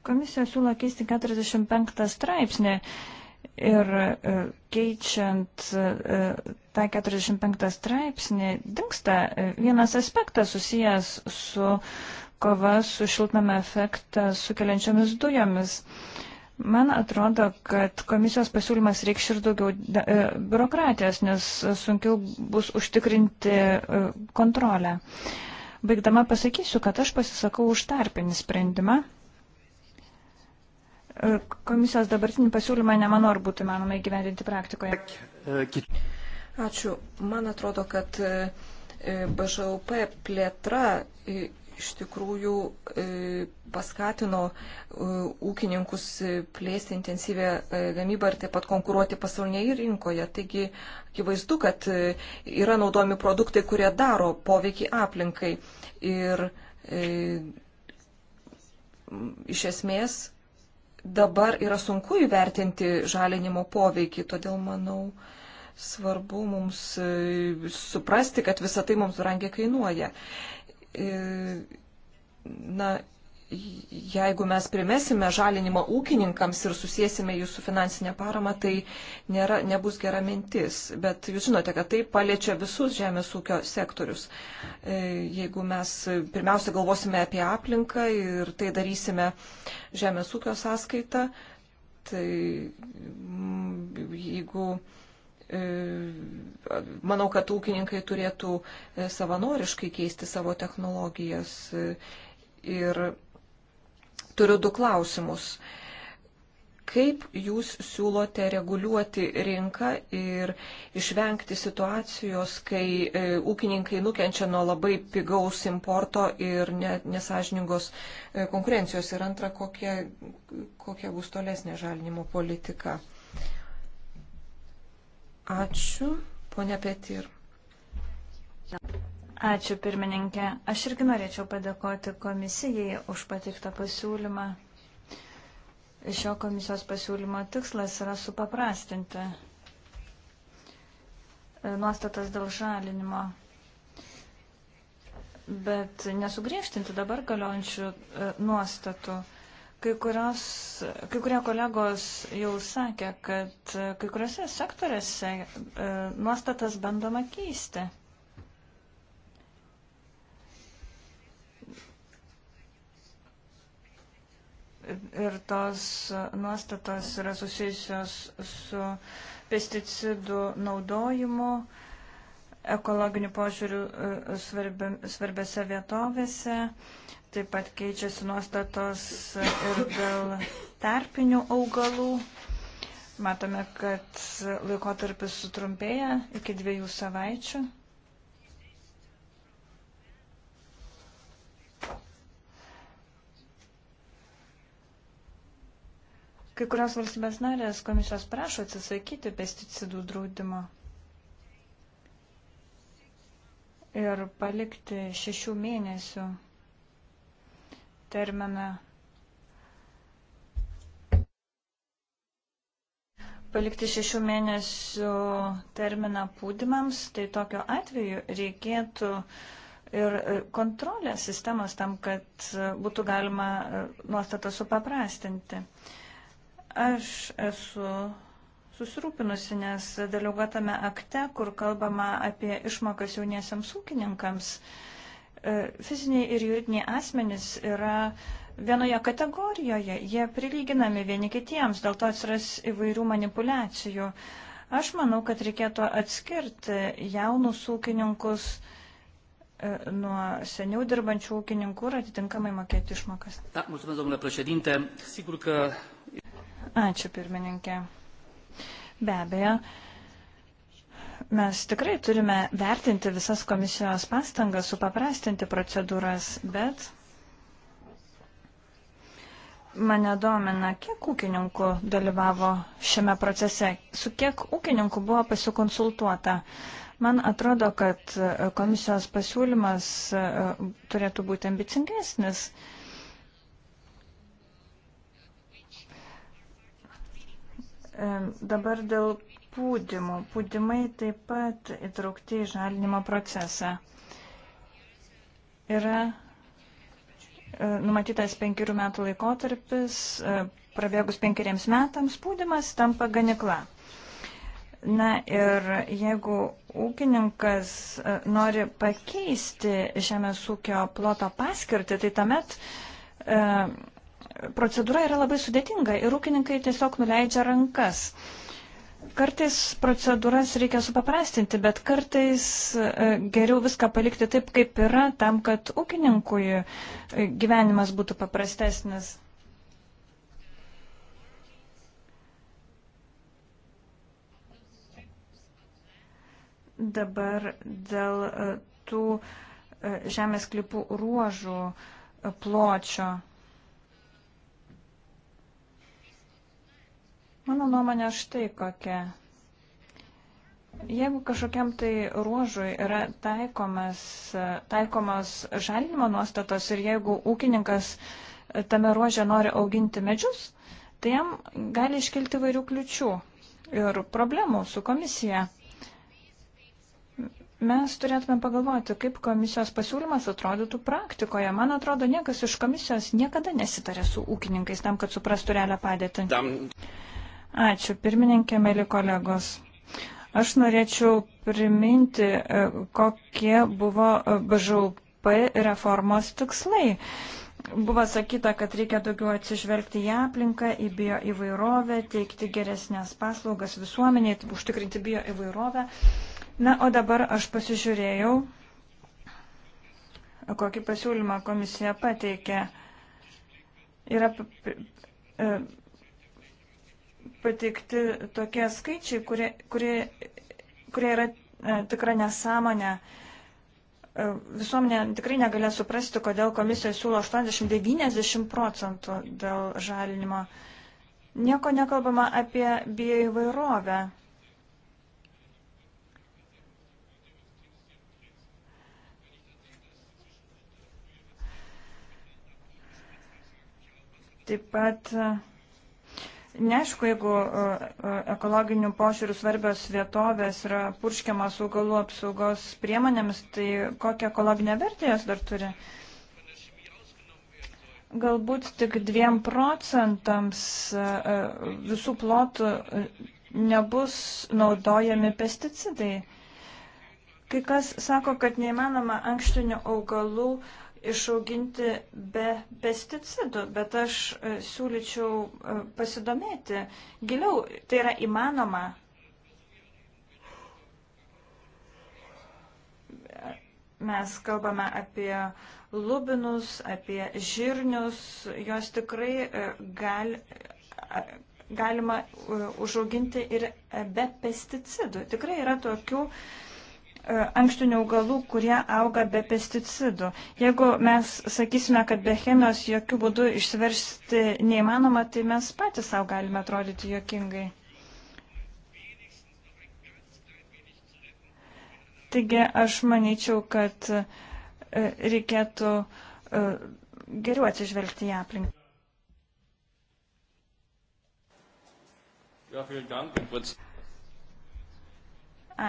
Komisija siūlo keisti 45 straipsnį Ir e, keičiant e, tą 45 straipsnį, dinksta e, vienas aspektas susijęs su kova su šiltnamio efektą sukeliančiomis dujomis. Man atrodo, kad komisijos pasiūlymas reikš ir daugiau biurokratijos, nes sunkiau bus užtikrinti kontrolę. Baigdama pasakysiu, kad aš pasisakau už tarpinį sprendimą E, komisijos dabartinį pasiūlymą nemanau, ar būtų įmanoma įgyvendinti praktikoje. Ačiū. Man atrodo, kad e, e, BŽUP plėtra iš tikrųjų paskatino ūkininkus plėsti intensyvę gamybą ir taip pat konkuruoti pasaulinėje rinkoje. Taigi, akivaizdu, kad yra naudojami produktai, kurie daro poveikį aplinkai. Ir iš esmės dabar yra sunku įvertinti žalinimo poveikį, todėl manau svarbu mums e, suprasti, kad visa tai mums brangiai kainuoja. E, na, jeigu mes primesime žalinimą ūkininkams ir susijęsime jų su finansinė parama, tai nėra, nebus gera mintis. Bet jūs žinote, kad tai paliečia visus žemės ūkio sektorius. E, jeigu mes pirmiausia galvosime apie aplinką ir tai darysime žemės ūkio sąskaitą, tai mm, jeigu e, manau, kad ūkininkai turėtų e, savanoriškai keisti savo technologijas ir Turiu du klausimus. Kaip jūs siūlote reguliuoti rinką ir išvengti situacijos, kai e, ūkininkai nukenčia nuo labai pigaus importo ir nesažiningos e, konkurencijos? Ir antra, kokia, kokia bus tolesnė žalinimo politika? Ačiū, ponia Petir. Ačiū pirmininkė. Aš irgi norėčiau padėkoti komisijai už pateiktą pasiūlymą. Šio komisijos pasiūlymo tikslas yra supaprastinti e, nuostatas dėl žalinimo, bet nesugriežtinti dabar galiojančių e, nuostatų. Kai, kurios, kai kurie kolegos jau sakė, kad e, kai kuriuose sektoriuose nuostatas bandoma keisti. ir tos nuostatos yra susijusios su pesticidų naudojimu ekologiniu požiūriu e, svarbiose vietovėse. Taip pat keičiasi nuostatos ir dėl tarpinių augalų. Matome, kad laikotarpis sutrumpėja iki dviejų savaičių. Kai kurios valstybės narės komisijos prašo atsisakyti pesticidų draudimo ir palikti šešių mėnesių terminą. Palikti šešių mėnesių terminą pūdymams, tai tokiu atveju reikėtų ir kontrolės sistemos tam, kad būtų galima nuostatą supaprastinti aš esu susirūpinusi, nes deleguotame akte, kur kalbama apie išmokas jauniesiams ūkininkams, e, fiziniai ir juridiniai asmenys yra vienoje kategorijoje, jie prilyginami vieni kitiems, dėl to atsiras įvairių manipulacijų. Aš manau, kad reikėtų atskirti jaunus ūkininkus e, nuo seniau dirbančių ūkininkų ir atitinkamai mokėti išmokas. Da, mulțumesc, domnule președinte. Sigur că... Ačiū, pirmininkė. Be abejo, mes tikrai turime vertinti visas komisijos pastangas, supaprastinti procedūras, bet mane domina, kiek ūkininkų dalyvavo šiame procese, su kiek ūkininkų buvo pasikonsultuota. Man atrodo, kad komisijos pasiūlymas e, turėtų būti ambicingesnis. Uh, Dabar dėl pūdimų. Pūdimai taip pat įtraukti į žalinimo procesą. Yra e, numatytas penkerių metų laikotarpis, e, prabėgus penkeriems metams pūdimas tampa ganikla. Na ir jeigu ūkininkas e, nori pakeisti žemės ūkio ploto paskirtį, tai tamet procedūra yra labai sudėtinga ir ūkininkai tiesiog nuleidžia rankas. Kartais procedūras reikia supaprastinti, bet kartais e, geriau viską palikti taip, kaip yra, tam, kad ūkininkui e, gyvenimas būtų paprastesnis. Dabar dėl e, tų žemės klipų ruožų pločio. Mano nuomonė štai kokia. Jeigu kažkokiam tai ruožui yra taikomas, taikomas žalinimo nuostatos ir jeigu ūkininkas tame ruože nori auginti medžius, tai jam gali iškilti vairių kliučių ir problemų su komisija. Mes turėtume pagalvoti, kaip komisijos pasiūlymas atrodytų praktikoje. Man atrodo, niekas iš komisijos niekada nesitarė su ūkininkais tam, kad suprastų realią padėtį. Dam. Ačiū, pirmininkė, mėly kolegos. Aš norėčiau priminti, e, kokie buvo e, BŽUP reformos tikslai. Buvo sakyta, kad reikia daugiau atsižvelgti į aplinką, į bio įvairovę, teikti geresnės paslaugas visuomeniai, tai užtikrinti bio įvairovę. Na, o dabar aš pasižiūrėjau, kokį pasiūlymą komisija pateikė. Yra e, pateikti tokie skaičiai, kurie, kurie, kurie yra e, tikra nesąmonė. E, visuomenė tikrai negalės suprasti, kodėl komisija siūlo 80-90 procentų dėl žalinimo. Nieko nekalbama apie bioįvairovę. Taip pat e, Neaišku, jeigu e, e, ekologinių pošiūrių svarbios vietovės yra purškiamas augalų apsaugos priemonėmis, tai kokią ekologinę vertę jos dar turi? Galbūt tik dviem procentams e, visų plotų nebus naudojami pesticidai. Kai kas sako, kad neįmanoma ankštinių augalų uh, išauginti be pesticidų, bet aš e, siūlyčiau e, pasidomėti giliau, tai yra įmanoma. Mes kalbame apie lubinus, apie žirnius, jos tikrai e, gal, galima užauginti ir be pesticidų. Tikrai yra tokių uh, E, ankštinių augalų, kurie auga be pesticidų. Jeigu mes sakysime, kad be chemijos jokių būdų išsiversti neįmanoma, tai mes patys savo galime atrodyti jokingai. Taigi aš manyčiau, kad e, reikėtų e, geriau atsižvelgti į aplinką.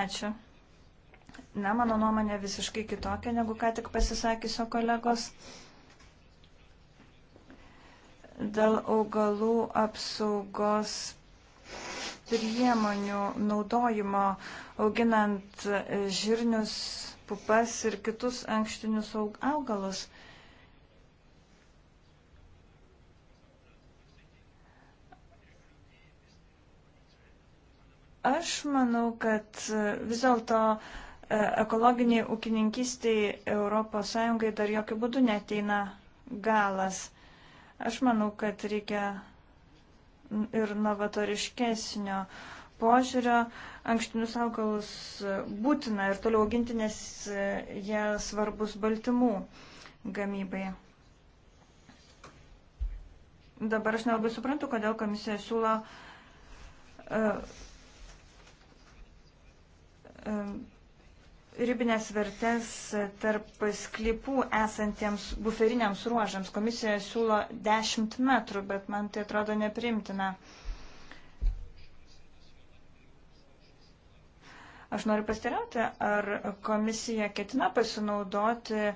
Ačiū. Na, mano nuomonė visiškai kitokia, negu ką tik pasisakysio kolegos. Dėl augalų apsaugos priemonių naudojimo auginant žirnius, pupas ir kitus ankštinius augalus. Aš manau, kad vis dėlto uh, E, ekologiniai ūkininkystiai ES dar jokių būdų neteina galas. Aš manau, kad reikia ir novatoriškesnio požiūrio. Ankštinius augalus būtina ir toliau auginti, nes e, jie svarbus baltymų gamybai. Dabar aš nelabai suprantu, kodėl komisija siūlo uh, uh, ribinės vertės tarp sklypų esantiems buferiniams ruožams. Komisija siūlo 10 metrų, bet man tai atrodo neprimtina. Aš noriu pastirauti, ar komisija ketina pasinaudoti e,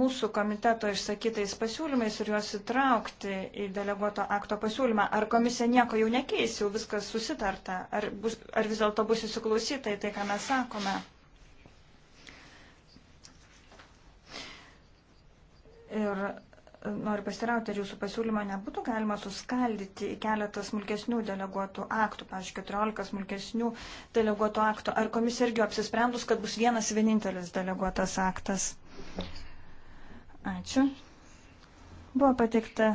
mūsų komiteto išsakytais pasiūlymais ir juos įtraukti į deleguoto akto pasiūlymą. Ar komisija nieko jau nekeis, jau viskas susitarta, ar, bus, ar vis dėlto bus įsiklausyta į tai, ką mes sakome. Ir e, noriu pasirauti, ar jūsų pasiūlymą nebūtų galima suskaldyti į keletą smulkesnių deleguotų aktų, pavyzdžiui, 14 smulkesnių deleguotų aktų. Ar komisija irgi apsisprendus, kad bus vienas vienintelis deleguotas aktas? Ačiū. Buvo pateikta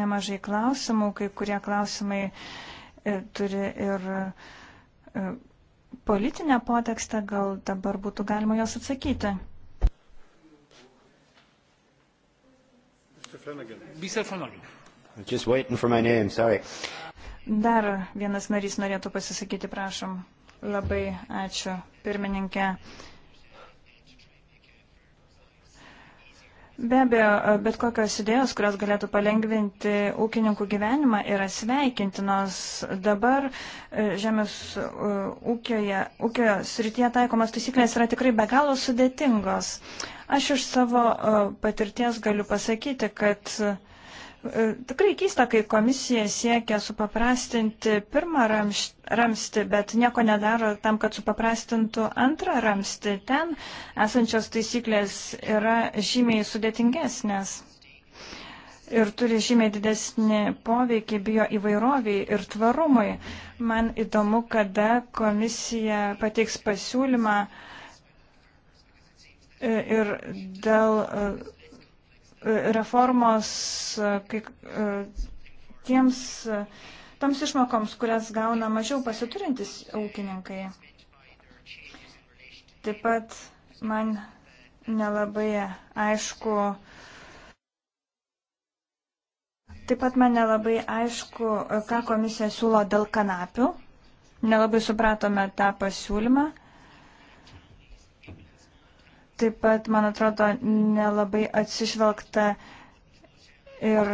nemažai klausimų, kai kurie klausimai e, turi ir e, politinę potekstą, gal dabar būtų galima jos atsakyti. Flanagan. Mr. Flanagan. Just waiting for my name, sorry. Dar vienas narys norėtų pasisakyti, prašom. Labai ačiū, pirmininkė. Uh, Be abejo, bet kokios idėjos, kurios galėtų palengvinti ūkininkų gyvenimą, yra sveikintinos. Dabar e, žemės e, ūkioje, ūkio srityje taikomas taisyklės yra tikrai be galo sudėtingos. Aš iš savo e, patirties galiu pasakyti, kad E, tikrai keista, kai komisija siekia supaprastinti pirmą ramstį, bet nieko nedaro tam, kad supaprastintų antrą ramstį. Ten esančios taisyklės yra žymiai sudėtingesnės ir turi žymiai didesnį poveikį bio įvairoviai ir tvarumui. Man įdomu, kada komisija pateiks pasiūlymą e, ir dėl reformos e, kai, e, tiems, e, toms išmokoms, kurias gauna mažiau pasiturintis ūkininkai. Taip pat man nelabai aišku, taip pat man nelabai aišku, ką komisija siūlo dėl kanapių. Nelabai supratome tą pasiūlymą. Taip pat, man atrodo, nelabai atsižvelgta ir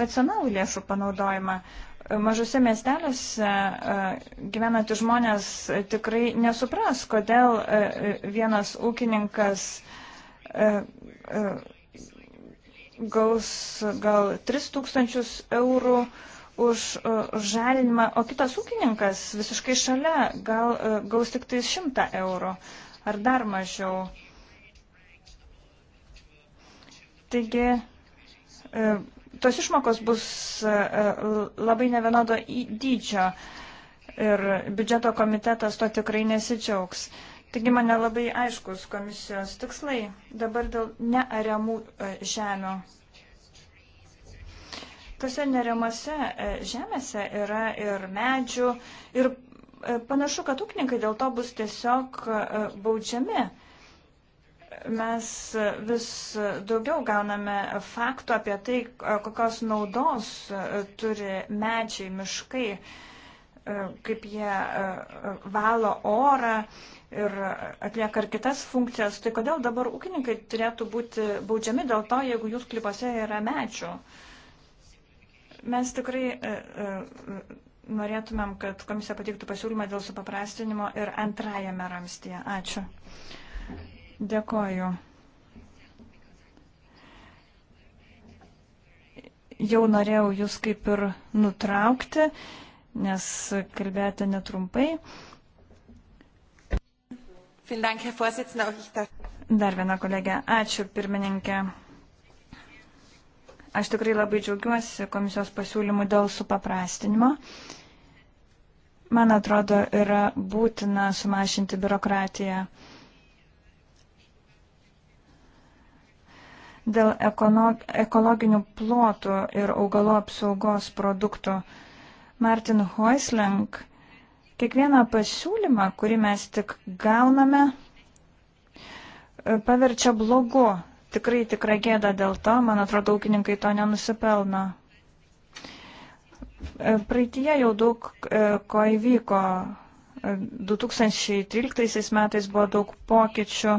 racionalų lėšų panaudojimą. Mažose miestelėse e, gyvenantys žmonės tikrai nesupras, kodėl e, e, vienas ūkininkas gaus gal 3000 eurų E, už žalinimą, o kitas ūkininkas visiškai šalia gal e, gaus tik tai 100 eurų ar dar mažiau. Taigi, e, tos išmokos bus labai nevienodo dydžio ir biudžeto komitetas to tikrai nesidžiaugs. Taigi man nelabai aiškus komisijos tikslai dabar dėl neariamų žemių. Tose nerimose e, žemėse yra ir medžių ir e, panašu, kad ūkininkai dėl to bus tiesiog e, baudžiami. Mes vis daugiau gauname faktų apie tai, kokios naudos turi medžiai, miškai, kaip jie valo orą ir atlieka ir kitas funkcijas. Tai kodėl dabar ūkininkai turėtų būti baudžiami dėl to, jeigu jų sklypose yra medžių? Uh, Mes tikrai e, e, norėtumėm, kad komisija pateiktų pasiūlymą dėl supaprastinimo ir antrajame ramstyje. Ačiū. Dėkoju. Jau norėjau jūs kaip ir nutraukti, nes kalbėjote netrumpai. Dar viena kolegė. Ačiū, pirmininkė. Aš tikrai labai džiaugiuosi komisijos pasiūlymų dėl supaprastinimo. Man atrodo, yra būtina sumažinti biurokratiją. Dėl ekologinių plotų ir augalo apsaugos produktų Martin Hoisling kiekvieną pasiūlymą, kurį mes tik gauname, paverčia blogu Tikrai, tikrai gėda dėl to, man atrodo, ūkininkai to nenusipelno. E, praeitie jau daug e, ko įvyko. 2013 e, metais buvo daug pokyčių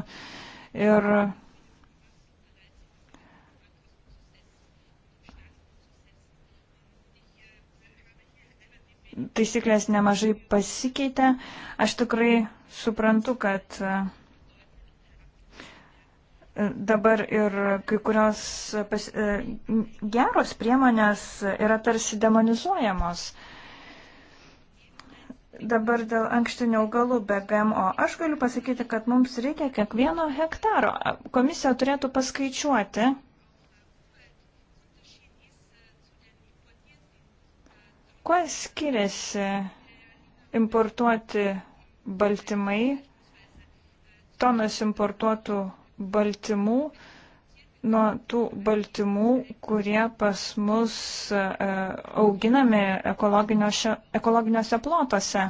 ir taisyklės nemažai pasikeitė. Aš tikrai suprantu, kad Dabar ir kai kurios pas, e, geros priemonės yra tarsi demonizuojamos. Dabar dėl ankštinių augalų be GMO. Aš galiu pasakyti, kad mums reikia kiekvieno hektaro. Komisija turėtų paskaičiuoti, kuo skiriasi importuoti baltymai, tonas importuotų baltymų, nuo tų baltymų, kurie pas mus e, auginami ekologiniuose, ekologiniuose plotuose.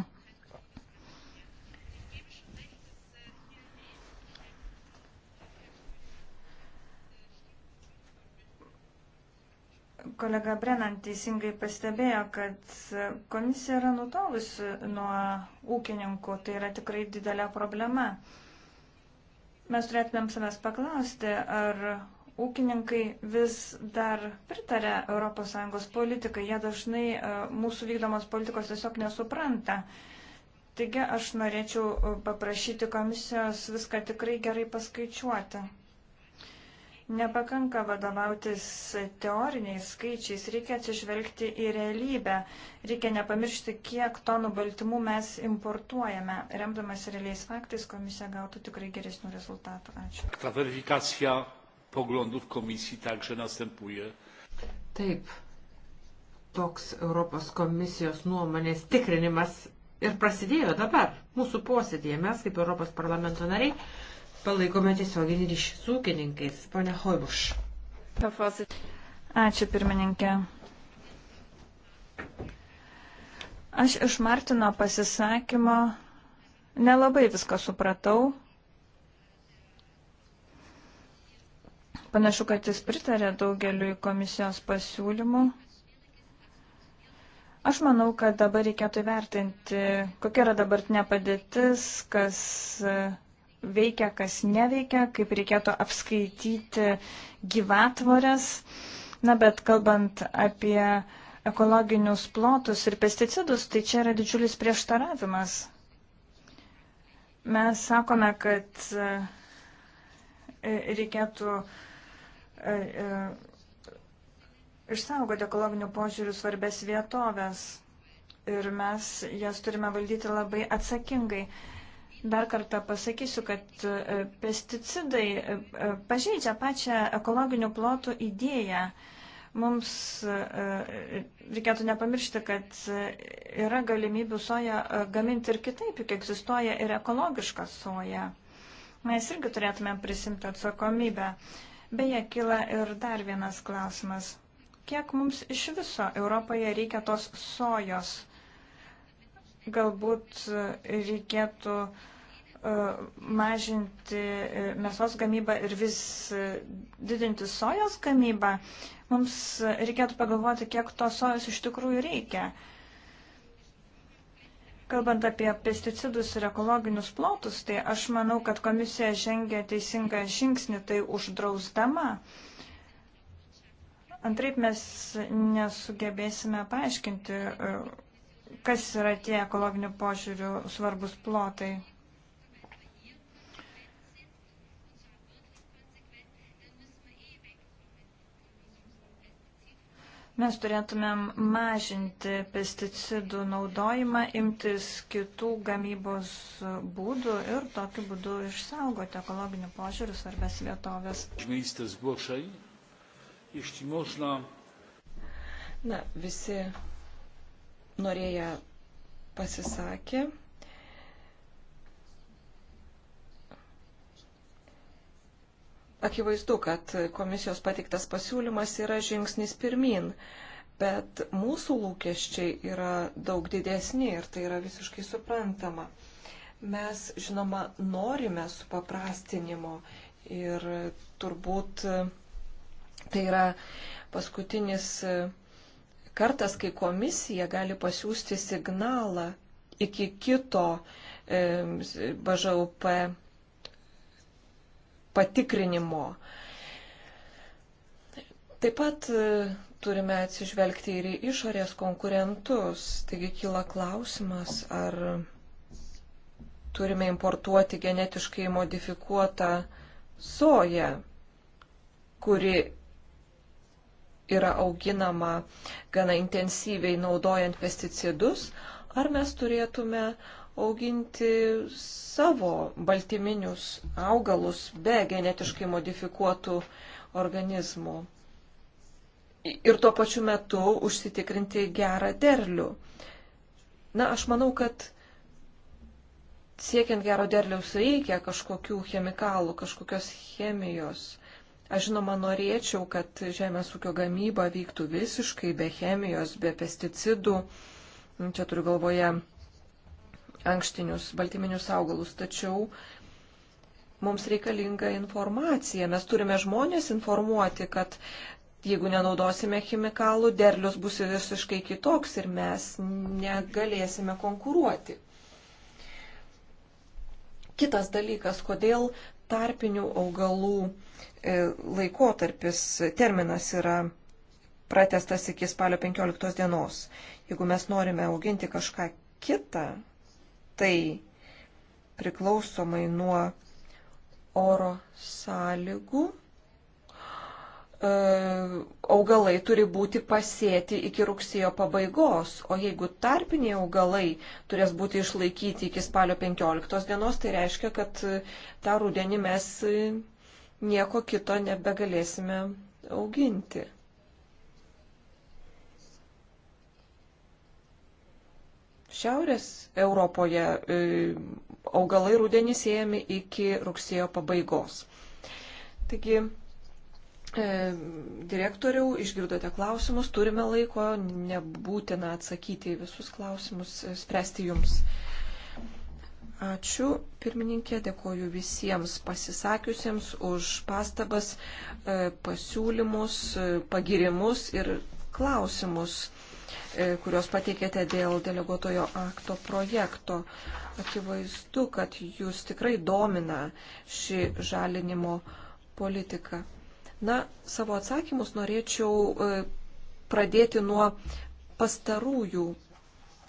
kolega Brennan teisingai pastebėjo, kad komisija yra nutolusi nuo ūkininkų, tai yra tikrai didelė problema. Mes turėtumėm savęs paklausti, ar ūkininkai vis dar pritarė ES politikai, jie dažnai e, mūsų vykdomos politikos tiesiog nesupranta. Taigi aš norėčiau e, paprašyti komisijos viską tikrai gerai paskaičiuoti. Nepakanka vadovautis teoriniais skaičiais, reikia atsižvelgti į realybę. Reikia nepamiršti, kiek tonų baltymų mes importuojame. Remdamas realiais faktais, komisija gautų tikrai geresnių rezultatų. Ačiū. Ta verifikacija poglądów komisji także następuje. Taip, toks Europos komisijos nuomonės tikrinimas ir prasidėjo dabar mūsų posėdėje. Mes kaip Europos parlamento nariai palaikome tiesioginį ryšį su ūkininkais. Pone Hoibuš. Ačiū pirmininkė. Aš iš Martino pasisakymo nelabai viską supratau. Panašu, kad jis pritarė daugeliu komisijos pasiūlymų. Aš manau, kad dabar reikėtų vertinti, kokia yra dabartinė padėtis, kas veikia, kas neveikia, kaip reikėtų apskaityti gyvatvorės. Na, bet kalbant apie ekologinius plotus ir pesticidus, tai čia yra didžiulis prieštaravimas. Mes sakome, kad e, reikėtų e, e, išsaugoti ekologinių požiūrių svarbės vietovės ir mes jas turime valdyti labai atsakingai. Dar kartą pasakysiu, kad e, pesticidai e, e, pažeidžia pačią ekologinių plotų idėją. Mums reikėtų nepamiršti, kad yra galimybių soją gaminti ir kitaip, juk egzistuoja ir ekologiška soja. Mes irgi turėtume prisimti atsakomybę. Beje, kyla ir dar vienas klausimas. Kiek mums iš viso Europoje reikia tos sojos? Galbūt e, reikėtų e, mažinti e, mėsos gamybą ir vis didinti sojos gamybą. Mums reikėtų pagalvoti, kiek tos sojos iš tikrųjų reikia. Kalbant apie pesticidus ir ekologinius plotus, tai aš manau, kad komisija žengia teisingą žingsnį tai uždrausdama. Antraip mes nesugebėsime paaiškinti, kas yra tie ekologinių požiūrių svarbus plotai. Mes turėtumėm mažinti pesticidų naudojimą, imtis kitų gamybos būdų ir tokiu būdu išsaugoti ekologinių požiūrių svarbės vietovės. Na, visi norėję pasisakė. Akivaizdu, kad komisijos pateiktas pasiūlymas yra žingsnis pirmin, bet mūsų lūkesčiai yra daug didesni ir tai yra visiškai suprantama. Mes, žinoma, norime supaprastinimo ir turbūt tai yra paskutinis kartas, kai komisija gali pasiūsti signalą iki kito e, BŽUP patikrinimo. Taip pat e, turime atsižvelgti ir į išorės konkurentus. Taigi kyla klausimas, ar turime importuoti genetiškai modifikuotą soją, kuri yra auginama gana intensyviai naudojant pesticidus, ar mes turėtume auginti savo baltyminius augalus be genetiškai modifikuotų organizmų. Ir tuo pačiu metu užsitikrinti gerą derlių. Na, aš manau, kad siekiant gero derliaus reikia kažkokių chemikalų, kažkokios chemijos. Aš žinoma norėčiau, kad žemės ūkio gamyba vyktų visiškai be chemijos, be pesticidų. Čia turiu galvoje ankštinius, baltyminius augalus. Tačiau mums reikalinga informacija. Mes turime žmonės informuoti, kad jeigu nenaudosime chemikalų, derlius bus visiškai kitoks ir mes negalėsime konkuruoti. Kitas dalykas, kodėl tarpinių augalų E, laikotarpis, terminas yra pratestas iki spalio 15 dienos. Jeigu mes norime auginti kažką kitą, tai priklausomai nuo oro sąlygų e, augalai turi būti pasėti iki rugsėjo pabaigos, o jeigu tarpiniai augalai turės būti išlaikyti iki spalio 15 dienos, tai reiškia, kad tą rudenį mes nieko kito nebegalėsime auginti. Šiaurės Europoje e, augalai rudenį siejami iki rugsėjo pabaigos. Taigi, e, direktoriau, išgirdote klausimus, turime laiko, nebūtina atsakyti į visus klausimus, e, spręsti jums. Ačiū, pirmininkė, dėkoju visiems pasisakiusiems už pastabas, e, pasiūlymus, e, pagirimus ir klausimus, e, kuriuos pateikėte dėl deleguotojo akto projekto. Akivaizdu, kad jūs tikrai domina ši žalinimo politika. Na, savo atsakymus norėčiau pradėti nuo pastarųjų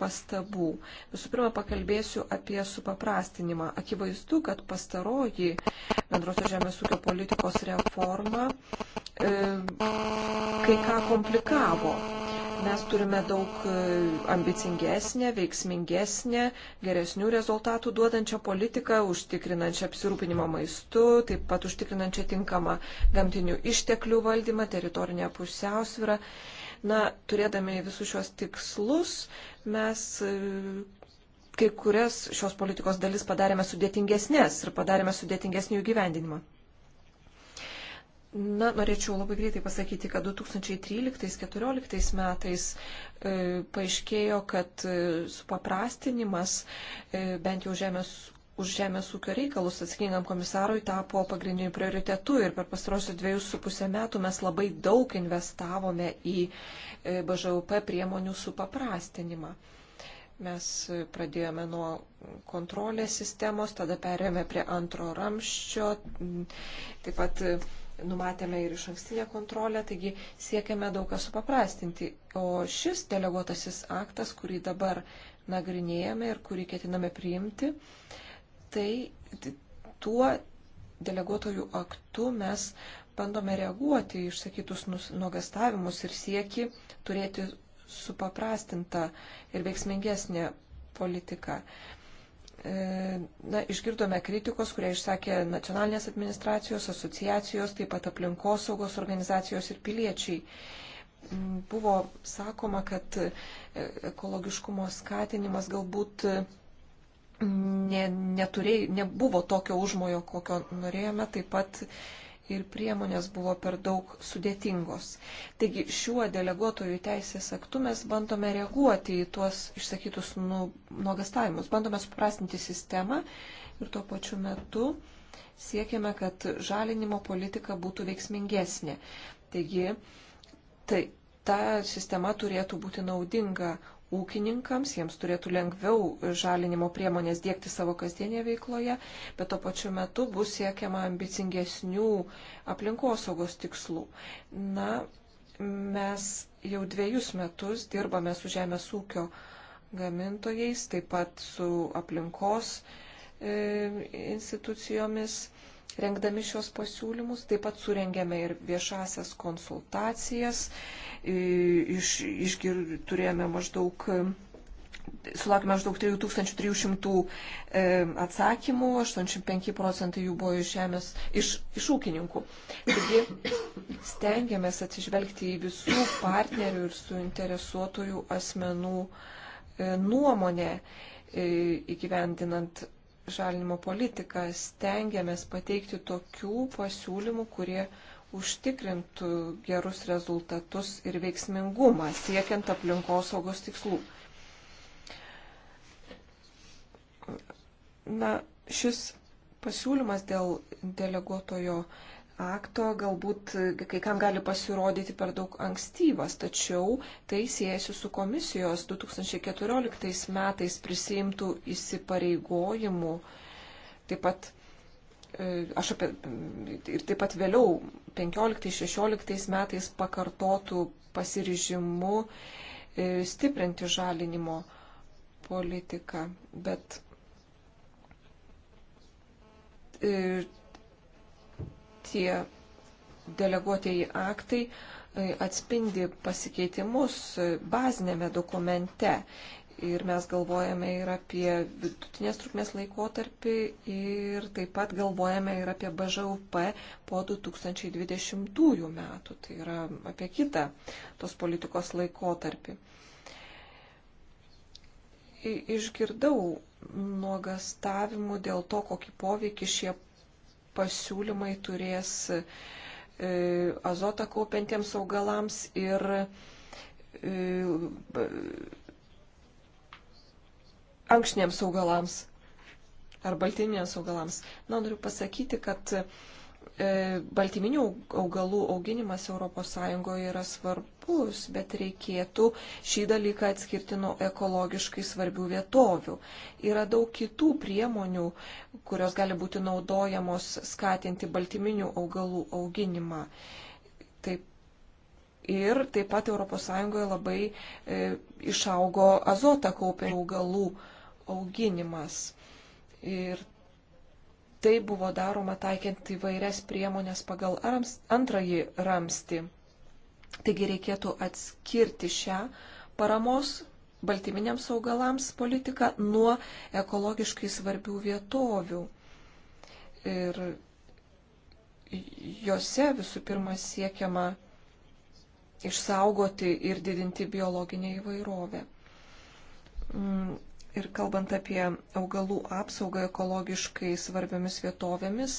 pastabų. Visų pirma, pakalbėsiu apie supaprastinimą. Akivaizdu, kad pastaroji bendrosios žemės ūkio politikos reforma e, kai ką komplikavo. Mes turime daug e, ambicingesnę, veiksmingesnę, geresnių rezultatų duodančią politiką, užtikrinančią apsirūpinimą maistu, taip pat užtikrinančią tinkamą gamtinių išteklių valdymą, teritorinę pusiausvyrą na, turėdami visus šios tikslus, mes e, kai kurias šios politikos dalis padarėme sudėtingesnės ir padarėme sudėtingesnį jų gyvendinimą. Na, norėčiau labai greitai pasakyti, kad 2013-2014 metais e, paaiškėjo, kad e, supaprastinimas e, bent jau žemės už žemės ūkio reikalus atsakingam komisarui tapo pagrindiniu prioritetu ir per pastarosius dviejus su pusę metų mes labai daug investavome į e, BŽUP priemonių supaprastinimą. Mes e, pradėjome nuo kontrolės sistemos, tada perėjome prie antro ramščio, taip pat e, numatėme ir iš ankstinę kontrolę, taigi siekiame daug ką supaprastinti. O šis deleguotasis aktas, kurį dabar nagrinėjame ir kurį ketiname priimti, uh, tai tuo deleguotojų aktu mes bandome reaguoti išsakytus nuogastavimus ir sieki turėti supaprastintą ir veiksmingesnę politiką. E, na, išgirdome kritikos, kurią išsakė nacionalinės administracijos, asociacijos, taip pat aplinkosaugos organizacijos ir piliečiai. Mm, buvo sakoma, kad e, ekologiškumo skatinimas galbūt ne, neturėj, nebuvo tokio užmojo, kokio norėjome, taip pat ir priemonės buvo per daug sudėtingos. Taigi šiuo deleguotojų teisės aktu mes bandome reaguoti į tuos išsakytus nu, nuogastavimus, bandome suprastinti sistemą ir tuo pačiu metu siekiame, kad žalinimo politika būtų veiksmingesnė. Taigi tai, ta sistema turėtų būti naudinga ūkininkams, jiems turėtų lengviau žalinimo priemonės dėkti savo kasdienėje veikloje, bet to pačiu metu bus siekiama ambicingesnių aplinkosaugos tikslų. Na, mes jau dviejus metus dirbame su žemės ūkio gamintojais, taip pat su aplinkos e, institucijomis rengdami šios pasiūlymus. Taip pat surengėme ir viešasias konsultacijas. Iš, išgir, turėjome maždaug. Sulaukime maždaug 3300 e, atsakymų, 85 procentai jų buvo iš, žemės, iš, iš ūkininkų. Taigi stengiamės atsižvelgti į visų partnerių ir suinteresuotojų asmenų e, nuomonę e, įgyvendinant žalinimo politiką, stengiamės pateikti tokių pasiūlymų, kurie užtikrintų gerus rezultatus ir veiksmingumą siekiant aplinkosaugos tikslų. Na, šis pasiūlymas dėl deleguotojo akto galbūt kai kam gali pasirodyti per daug ankstyvas, tačiau tai siejasi su komisijos 2014 metais prisimtų įsipareigojimų. Taip pat, e, aš apie, ir taip pat vėliau 15-16 metais pakartotų pasirižimu e, stiprinti žalinimo politiką. Bet e, tie deleguotieji aktai e, atspindi pasikeitimus e, bazinėme dokumente. Ir mes galvojame ir apie vidutinės trukmės laikotarpį ir taip pat galvojame ir apie BŽUP po 2020 metų, tai yra apie kitą tos politikos laikotarpį. Išgirdau nuogastavimų dėl to, kokį poveikį šie pasiūlymai turės e, azotą kaupiantiems augalams ir e, ankšniems augalams ar baltyminiams augalams. Na, noriu pasakyti, kad E, baltyminių augalų auginimas ES yra svarbus, bet reikėtų šį dalyką atskirti nuo ekologiškai svarbių vietovių. Yra daug kitų priemonių, kurios gali būti naudojamos skatinti baltyminių augalų auginimą. Taip, ir taip pat ES labai e, išaugo azotą kaupę augalų auginimas. Ir Tai buvo daroma taikiant įvairias priemonės pagal rams, antrąjį ramstį. Taigi reikėtų atskirti šią paramos baltyminiams augalams politiką nuo ekologiškai svarbių vietovių. Ir jose visų pirma siekiama išsaugoti ir didinti biologinę įvairovę. Mm, ir kalbant apie augalų apsaugą ekologiškai svarbiomis vietovėmis,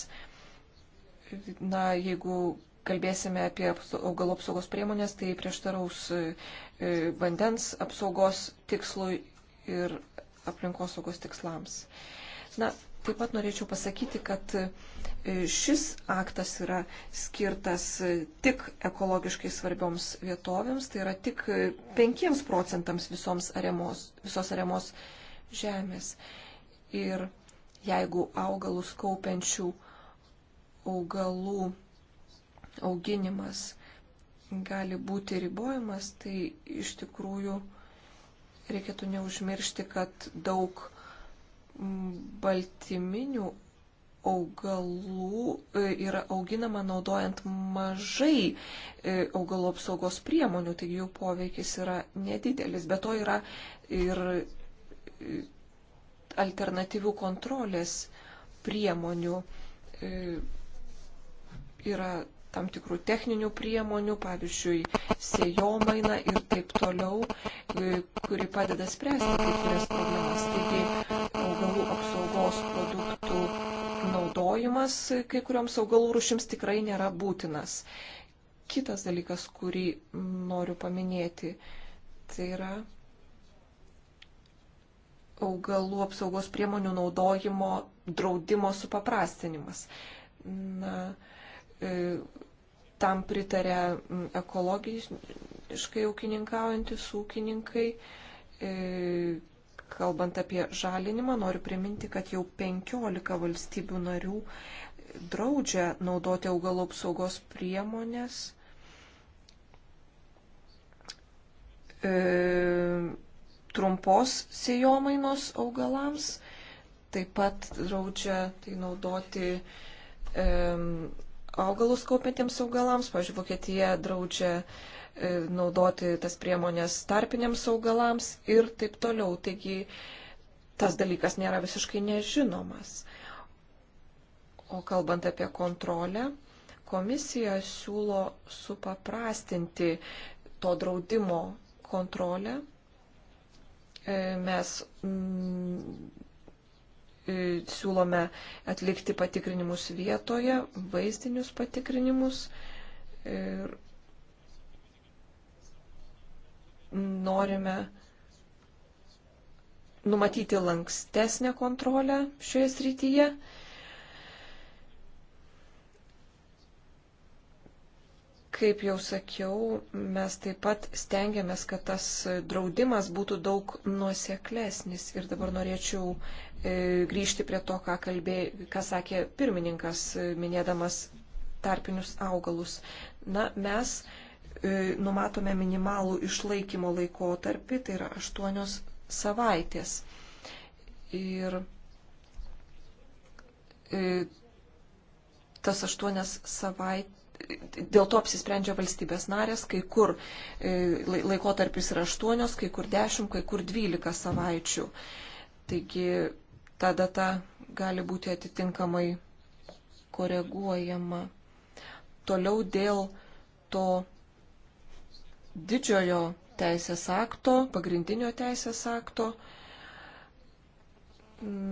na, jeigu kalbėsime apie augalų apsaugos priemonės, tai prieštaraus e, vandens apsaugos tikslui ir aplinkosaugos tikslams. Na, taip pat norėčiau pasakyti, kad e, šis aktas yra skirtas e, tik ekologiškai svarbioms vietovėms, tai yra tik 5 procentams visoms aremos, visos aremos žemės. Ir jeigu augalus kaupiančių augalų auginimas gali būti ribojamas, tai iš tikrųjų reikėtų neužmiršti, kad daug baltyminių augalų e, yra auginama naudojant mažai e, augalų apsaugos priemonių, taigi jų poveikis yra nedidelis. Be to yra ir alternatyvių kontrolės priemonių e, yra tam tikrų techninių priemonių, pavyzdžiui, sėjomaina ir taip toliau, e, kuri padeda spręsti kai kurias problemas. Taigi, augalų apsaugos produktų naudojimas kai kurioms augalų rušims tikrai nėra būtinas. Kitas dalykas, kurį noriu paminėti, tai yra augalų apsaugos priemonių naudojimo draudimo supaprastinimas. Na, e, tam pritarė ekologiškai ūkininkaujantis ūkininkai. E, kalbant apie žalinimą, noriu priminti, kad jau 15 valstybių narių draudžia naudoti augalų apsaugos priemonės. E, trumpos sėjomainos augalams, taip pat draudžia tai naudoti e, augalus kaupiantiems augalams, pavyzdžiui, Vokietija draudžia e, naudoti tas priemonės tarpiniams augalams ir taip toliau. Taigi tas dalykas nėra visiškai nežinomas. O kalbant apie kontrolę, komisija siūlo supaprastinti to draudimo kontrolę E, mes mm, e, siūlome atlikti patikrinimus vietoje, vaizdinius patikrinimus. Ir norime numatyti lankstesnę kontrolę šioje srityje. Kaip jau sakiau, mes taip pat stengiamės, kad tas draudimas būtų daug nuoseklesnis. Ir dabar norėčiau e, grįžti prie to, ką, kalbė, ką sakė pirmininkas, e, minėdamas tarpinius augalus. Na, mes e, numatome minimalų išlaikymo laikotarpį, tai yra aštuonios savaitės. Ir e, tas aštuonias savaitės dėl to apsisprendžia valstybės narės, kai kur e, laikotarpis yra 8, kai kur 10, kai kur 12 savaičių. Taigi ta data gali būti atitinkamai koreguojama. Toliau dėl to didžiojo teisės akto, pagrindinio teisės akto,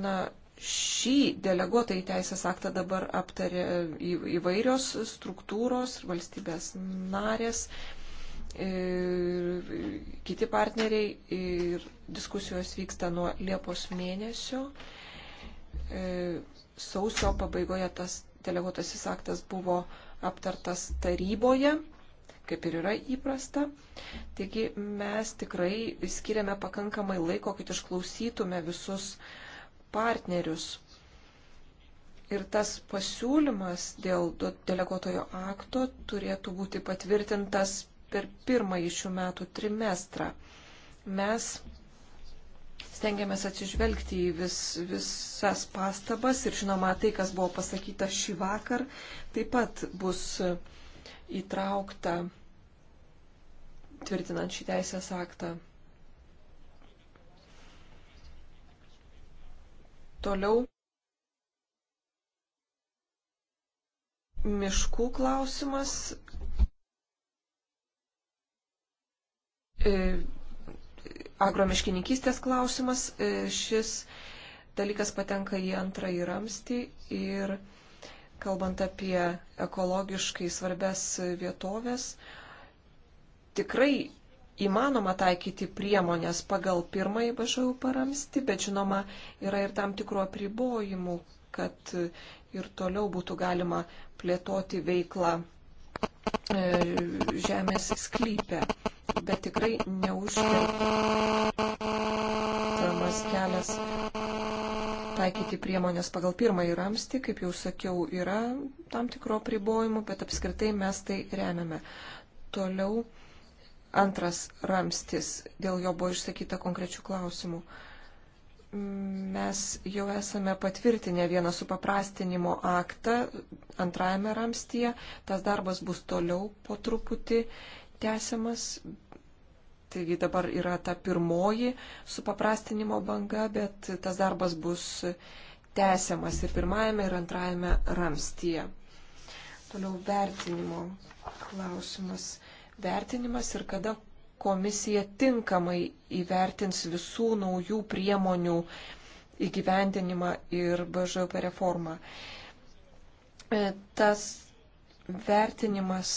na, šį deleguotą į teisės aktą dabar aptarė įvairios struktūros, valstybės narės, kiti partneriai ir diskusijos vyksta nuo Liepos mėnesio. E, sausio pabaigoje tas deleguotasis aktas buvo aptartas taryboje, kaip ir yra įprasta. Taigi mes tikrai skiriame pakankamai laiko, kad išklausytume visus uh, partnerius. Ir tas pasiūlymas dėl deleguotojo akto turėtų būti patvirtintas per pirmąjį šių metų trimestrą. Mes stengiamės atsižvelgti į vis, visas pastabas ir žinoma, tai, kas buvo pasakyta šį vakar, taip pat bus įtraukta tvirtinant šį teisės aktą. Toliau miškų klausimas. E, agromiškininkystės klausimas. E, šis dalykas patenka į antrąjį ramstį ir kalbant apie ekologiškai svarbes vietovės, tikrai įmanoma taikyti priemonės pagal pirmąjį BŽU paramsti, bet žinoma, yra ir tam tikruo pribojimu, kad ir toliau būtų galima plėtoti veiklą e, žemės sklypę. Bet tikrai neužkertamas kelias taikyti priemonės pagal pirmąjį ramstį, kaip jau sakiau, yra tam tikro pribojimų, bet apskritai mes tai remiame. Toliau antras ramstis, dėl jo buvo išsakyta konkrečių klausimų. Mes jau esame patvirtinę vieną supaprastinimo aktą antrajame ramstyje, tas darbas bus toliau po truputį tęsiamas, Taigi dabar yra ta pirmoji supaprastinimo banga, bet tas darbas bus tęsiamas ir pirmajame, ir antrajame ramstyje. Toliau vertinimo klausimas vertinimas ir kada komisija tinkamai įvertins visų naujų priemonių įgyvendinimą ir BŽP reformą. E, tas vertinimas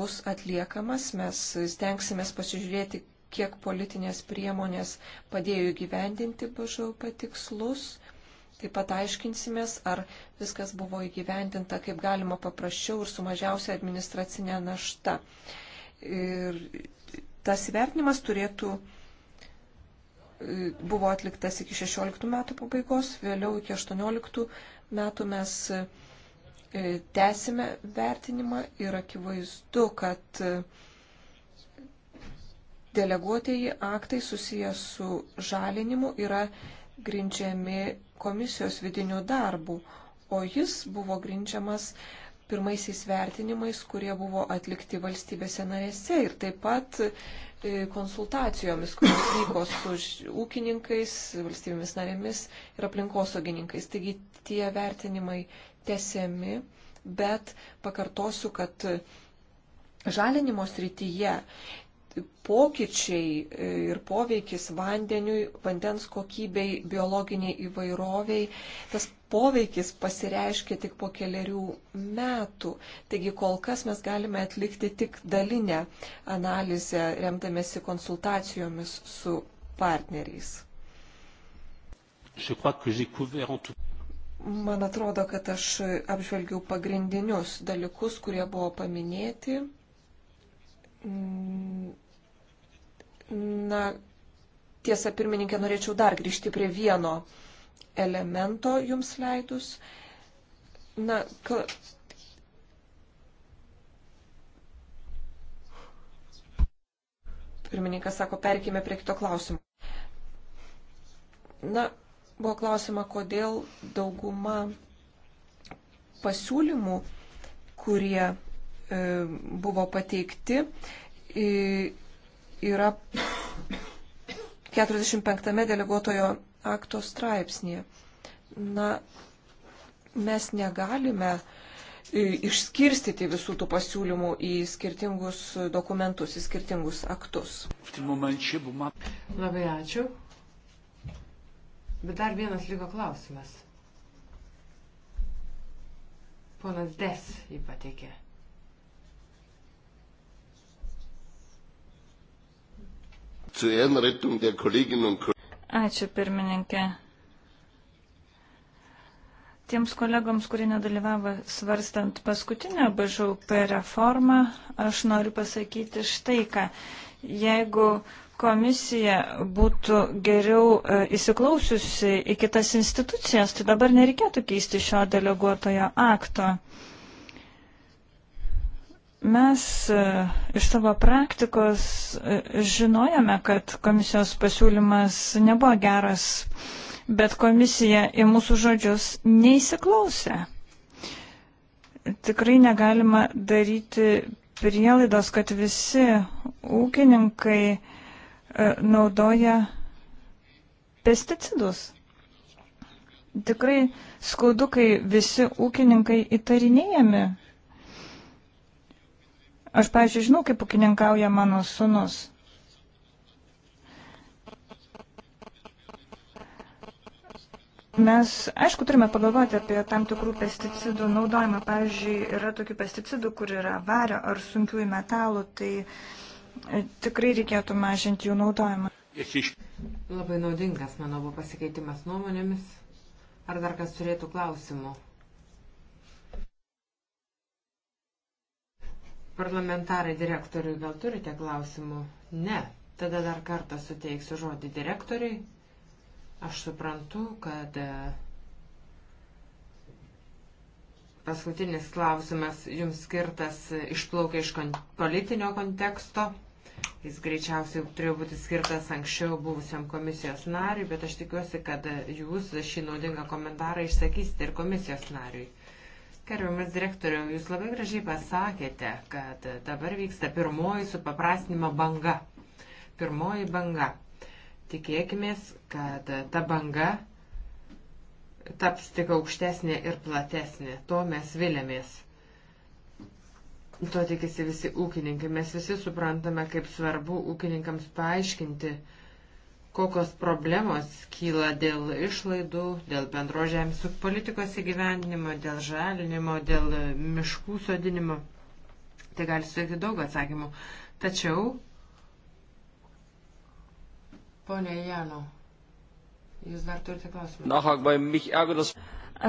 bus atliekamas, mes stengsime pasižiūrėti, kiek politinės priemonės padėjo įgyvendinti BŽP tikslus. Taip pat aiškinsimės, ar viskas buvo įgyvendinta kaip galima paprasčiau ir su mažiausia administracinė našta. Uh, Ir tas įvertinimas turėtų e, buvo atliktas iki 16 metų pabaigos, vėliau iki 18 metų mes e, tęsime vertinimą ir akivaizdu, kad e, deleguotieji aktai susijęs su žalinimu yra grindžiami komisijos vidinių darbų, o jis buvo grindžiamas pirmaisiais vertinimais, kurie buvo atlikti valstybėse narėse ir taip pat e, konsultacijomis, kurios vyko su ūkininkais, valstybėmis narėmis ir aplinkosaugininkais. Taigi tie vertinimai tesiami, bet pakartosiu, kad žalinimo srityje pokyčiai ir poveikis vandeniui, vandens kokybei, biologiniai įvairoviai, tas poveikis pasireiškia tik po keliarių metų. Taigi kol kas mes galime atlikti tik dalinę analizę, remdamėsi konsultacijomis su partneriais. Man atrodo, kad aš apžvelgiau pagrindinius dalykus, kurie buvo paminėti mm, Na, tiesa, pirmininkė, norėčiau dar grįžti prie vieno elemento jums leidus. Na, ka... Pirmininkas sako, perkime prie kito klausimo. Na, buvo klausima, kodėl dauguma pasiūlymų, kurie e, buvo pateikti, e, yra 45 deleguotojo akto straipsnėje. Na, mes negalime e, išskirstyti visų tų pasiūlymų į skirtingus dokumentus, į skirtingus aktus. Labai ačiū. Bet dar vienas liko klausimas. Ponas Des jį pateikė. Zur Ehrenrettung der Kolleginnen und Kollegen. Ačiū pirmininkė. Tiems kolegoms, kurie nedalyvavo svarstant paskutinę BŽUP reformą, aš noriu pasakyti štai ką. Jeigu komisija būtų geriau e, įsiklausiusi į kitas institucijas, tai dabar nereikėtų keisti šio deleguotojo akto. Uh, Mes e, iš savo praktikos e, žinojame, kad komisijos pasiūlymas nebuvo geras, bet komisija į mūsų žodžius neįsiklausė. Tikrai negalima daryti prielaidos, kad visi ūkininkai e, naudoja pesticidus. Tikrai skaudu, kai visi ūkininkai įtarinėjami Aš, pažiūrėjau, žinau, kaip ūkininkauja mano sunus. Mes, aišku, turime pagalvoti apie tam tikrų pesticidų naudojimą. Pavyzdžiui, yra tokių pesticidų, kur yra vario ar sunkiųjų metalų, tai e, tikrai reikėtų mažinti jų naudojimą. Labai naudingas, manau, buvo pasikeitimas nuomonėmis. Ar dar kas turėtų klausimų? Parlamentarai direktoriui, gal turite klausimų? Ne. Tada dar kartą suteiksiu žodį direktoriui. Aš suprantu, kad e, paskutinis klausimas jums skirtas išplaukia iš kon politinio konteksto. Jis greičiausiai turėjo būti skirtas anksčiau buvusiam komisijos nariui, bet aš tikiuosi, kad jūs šį naudingą komentarą išsakysite ir komisijos nariui. Gerbiamas direktoriau, jūs labai gražiai pasakėte, kad dabar vyksta pirmoji supaprastinimo banga. Pirmoji banga. Tikėkime, kad ta banga taps tik aukštesnė ir platesnė. To mes vilėmės. To tikisi visi ūkininkai. Mes visi suprantame, kaip svarbu ūkininkams paaiškinti, uh, kokios problemos kyla dėl išlaidų, dėl bendro žemės ūkio politikos įgyvendinimo, dėl žalinimo, dėl miškų sodinimo. Tai gali suteikti daug atsakymų. Tačiau, ponė Jano, jūs dar turite klausimą.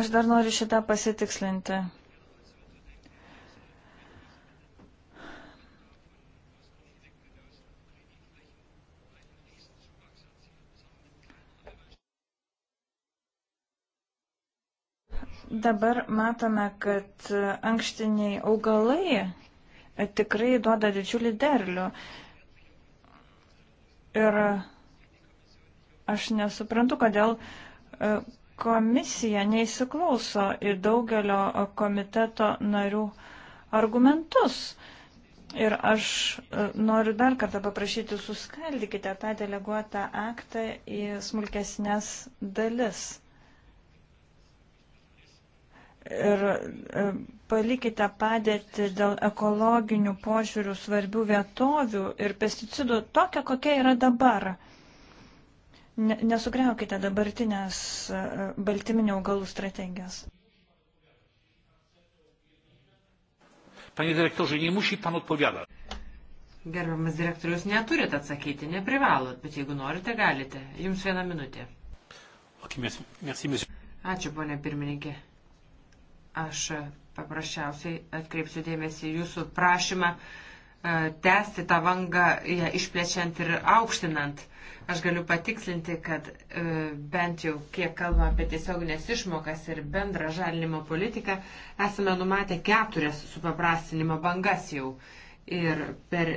Aš dar noriu šitą pasitikslinti. Dabar matome, kad ankštiniai augalai tikrai duoda didžiulį derlių. Ir aš nesuprantu, kodėl e, komisija neįsiklauso į daugelio komiteto narių argumentus. Ir aš e, noriu dar kartą paprašyti, suskaldykite tą deleguotą aktą į smulkesnės dalis ir e, palikite padėti dėl ekologinių požiūrių svarbių vietovių ir pesticidų tokią, kokia yra dabar. Nesugriaukite dabartinės e, baltyminio augalų strategijas. Panie dyrektorze, nie musi pan odpowiadać. Gerbiamas direktorius, neturit atsakyti, neprivalot, bet jeigu norite, galite. Jums viena minutė. Ačiū, ponė pirmininkė. Aš paprasčiausiai atkreipsiu dėmesį jūsų prašymą e, tęsti tą vangą, ją išplečiant ir aukštinant. Aš galiu patikslinti, kad e, bent jau kiek kalbam apie tiesioginės išmokas ir bendrą žalinimo politiką, esame numatę keturias supaprastinimo bangas jau. Ir per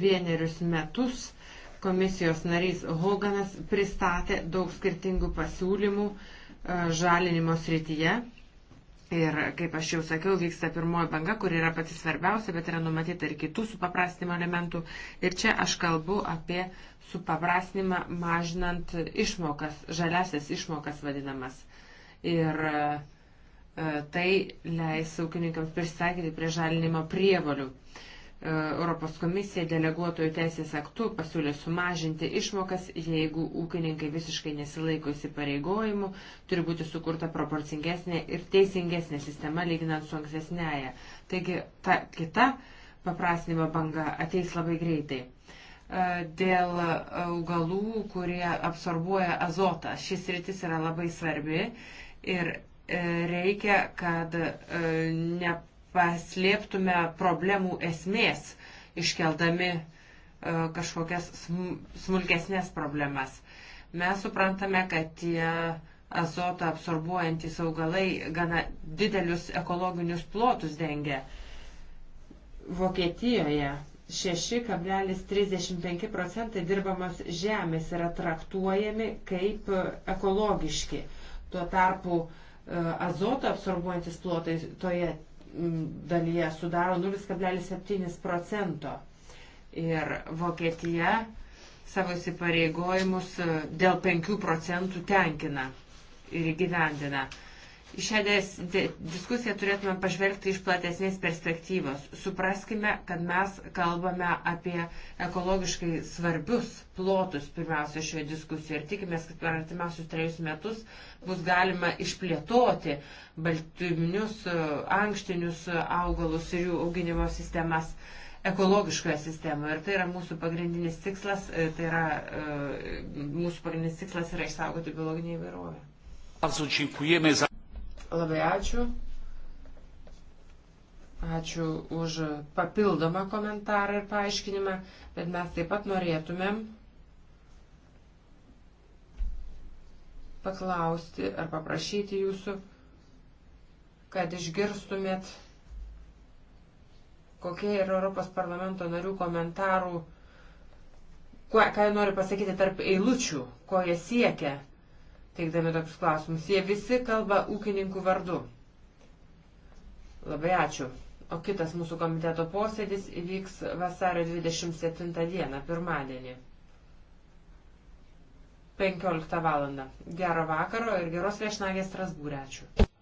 vienerius metus komisijos narys Hoganas pristatė daug skirtingų pasiūlymų e, žalinimo srityje Ir, kaip aš jau sakiau, vyksta pirmoji banga, kur yra pati svarbiausia, bet yra numatyta ir kitų supaprastinimo elementų. Ir čia aš kalbu apie supaprastinimą mažinant išmokas, žaliasias išmokas vadinamas. Ir e, tai leis ūkininkams prisitaikyti prie žalinimo prievolių. Uh, Europos komisija deleguotojų teisės aktų pasiūlė sumažinti išmokas, jeigu ūkininkai visiškai nesilaiko įsipareigojimų, turi būti sukurta proporcingesnė ir teisingesnė sistema lyginant su ankstesnėje. Taigi ta kita paprastinimo banga ateis labai greitai. E, dėl augalų, kurie absorbuoja azotą, šis rytis yra labai svarbi ir e, reikia, kad e, ne paslėptume problemų esmės, iškeldami e, kažkokias sm smulkesnės problemas. Mes suprantame, kad tie azotą absorbuojantys augalai gana didelius ekologinius plotus dengia. Vokietijoje 6,35 procentai dirbamos žemės yra traktuojami kaip ekologiški. Tuo tarpu e, azoto absorbuojantis plotai toje dalyje sudaro 0,7 procento. Ir Vokietija savo įsipareigojimus dėl 5 procentų tenkina ir įgyvendina į šią diskusiją turėtume pažvelgti iš platesnės perspektyvos. Supraskime, kad mes kalbame apie ekologiškai svarbius plotus pirmiausia šioje diskusijoje ir tikimės, kad per artimiausius trejus metus bus galima išplėtoti baltyminius, ankštinius augalus ir jų auginimo sistemas ekologiškoje sistemoje. Ir tai yra mūsų pagrindinis tikslas, e, tai yra e, mūsų pagrindinis tikslas yra išsaugoti biologinį įvairovę. Bardzo dziękujemy za Labai ačiū. Ačiū už papildomą komentarą ir paaiškinimą, bet mes taip pat norėtumėm paklausti ar paprašyti jūsų, kad išgirstumėt, kokie yra Europos parlamento narių komentarų, ką, ką jie nori pasakyti tarp eilučių, ko jie siekia teikdami tokius klausimus. Jie visi kalba ūkininkų vardu. Labai ačiū. O kitas mūsų komiteto posėdis įvyks vasario 27 dieną, pirmadienį. 15 val. Gero vakaro ir geros viešnagės Strasbūrė. Ačiū.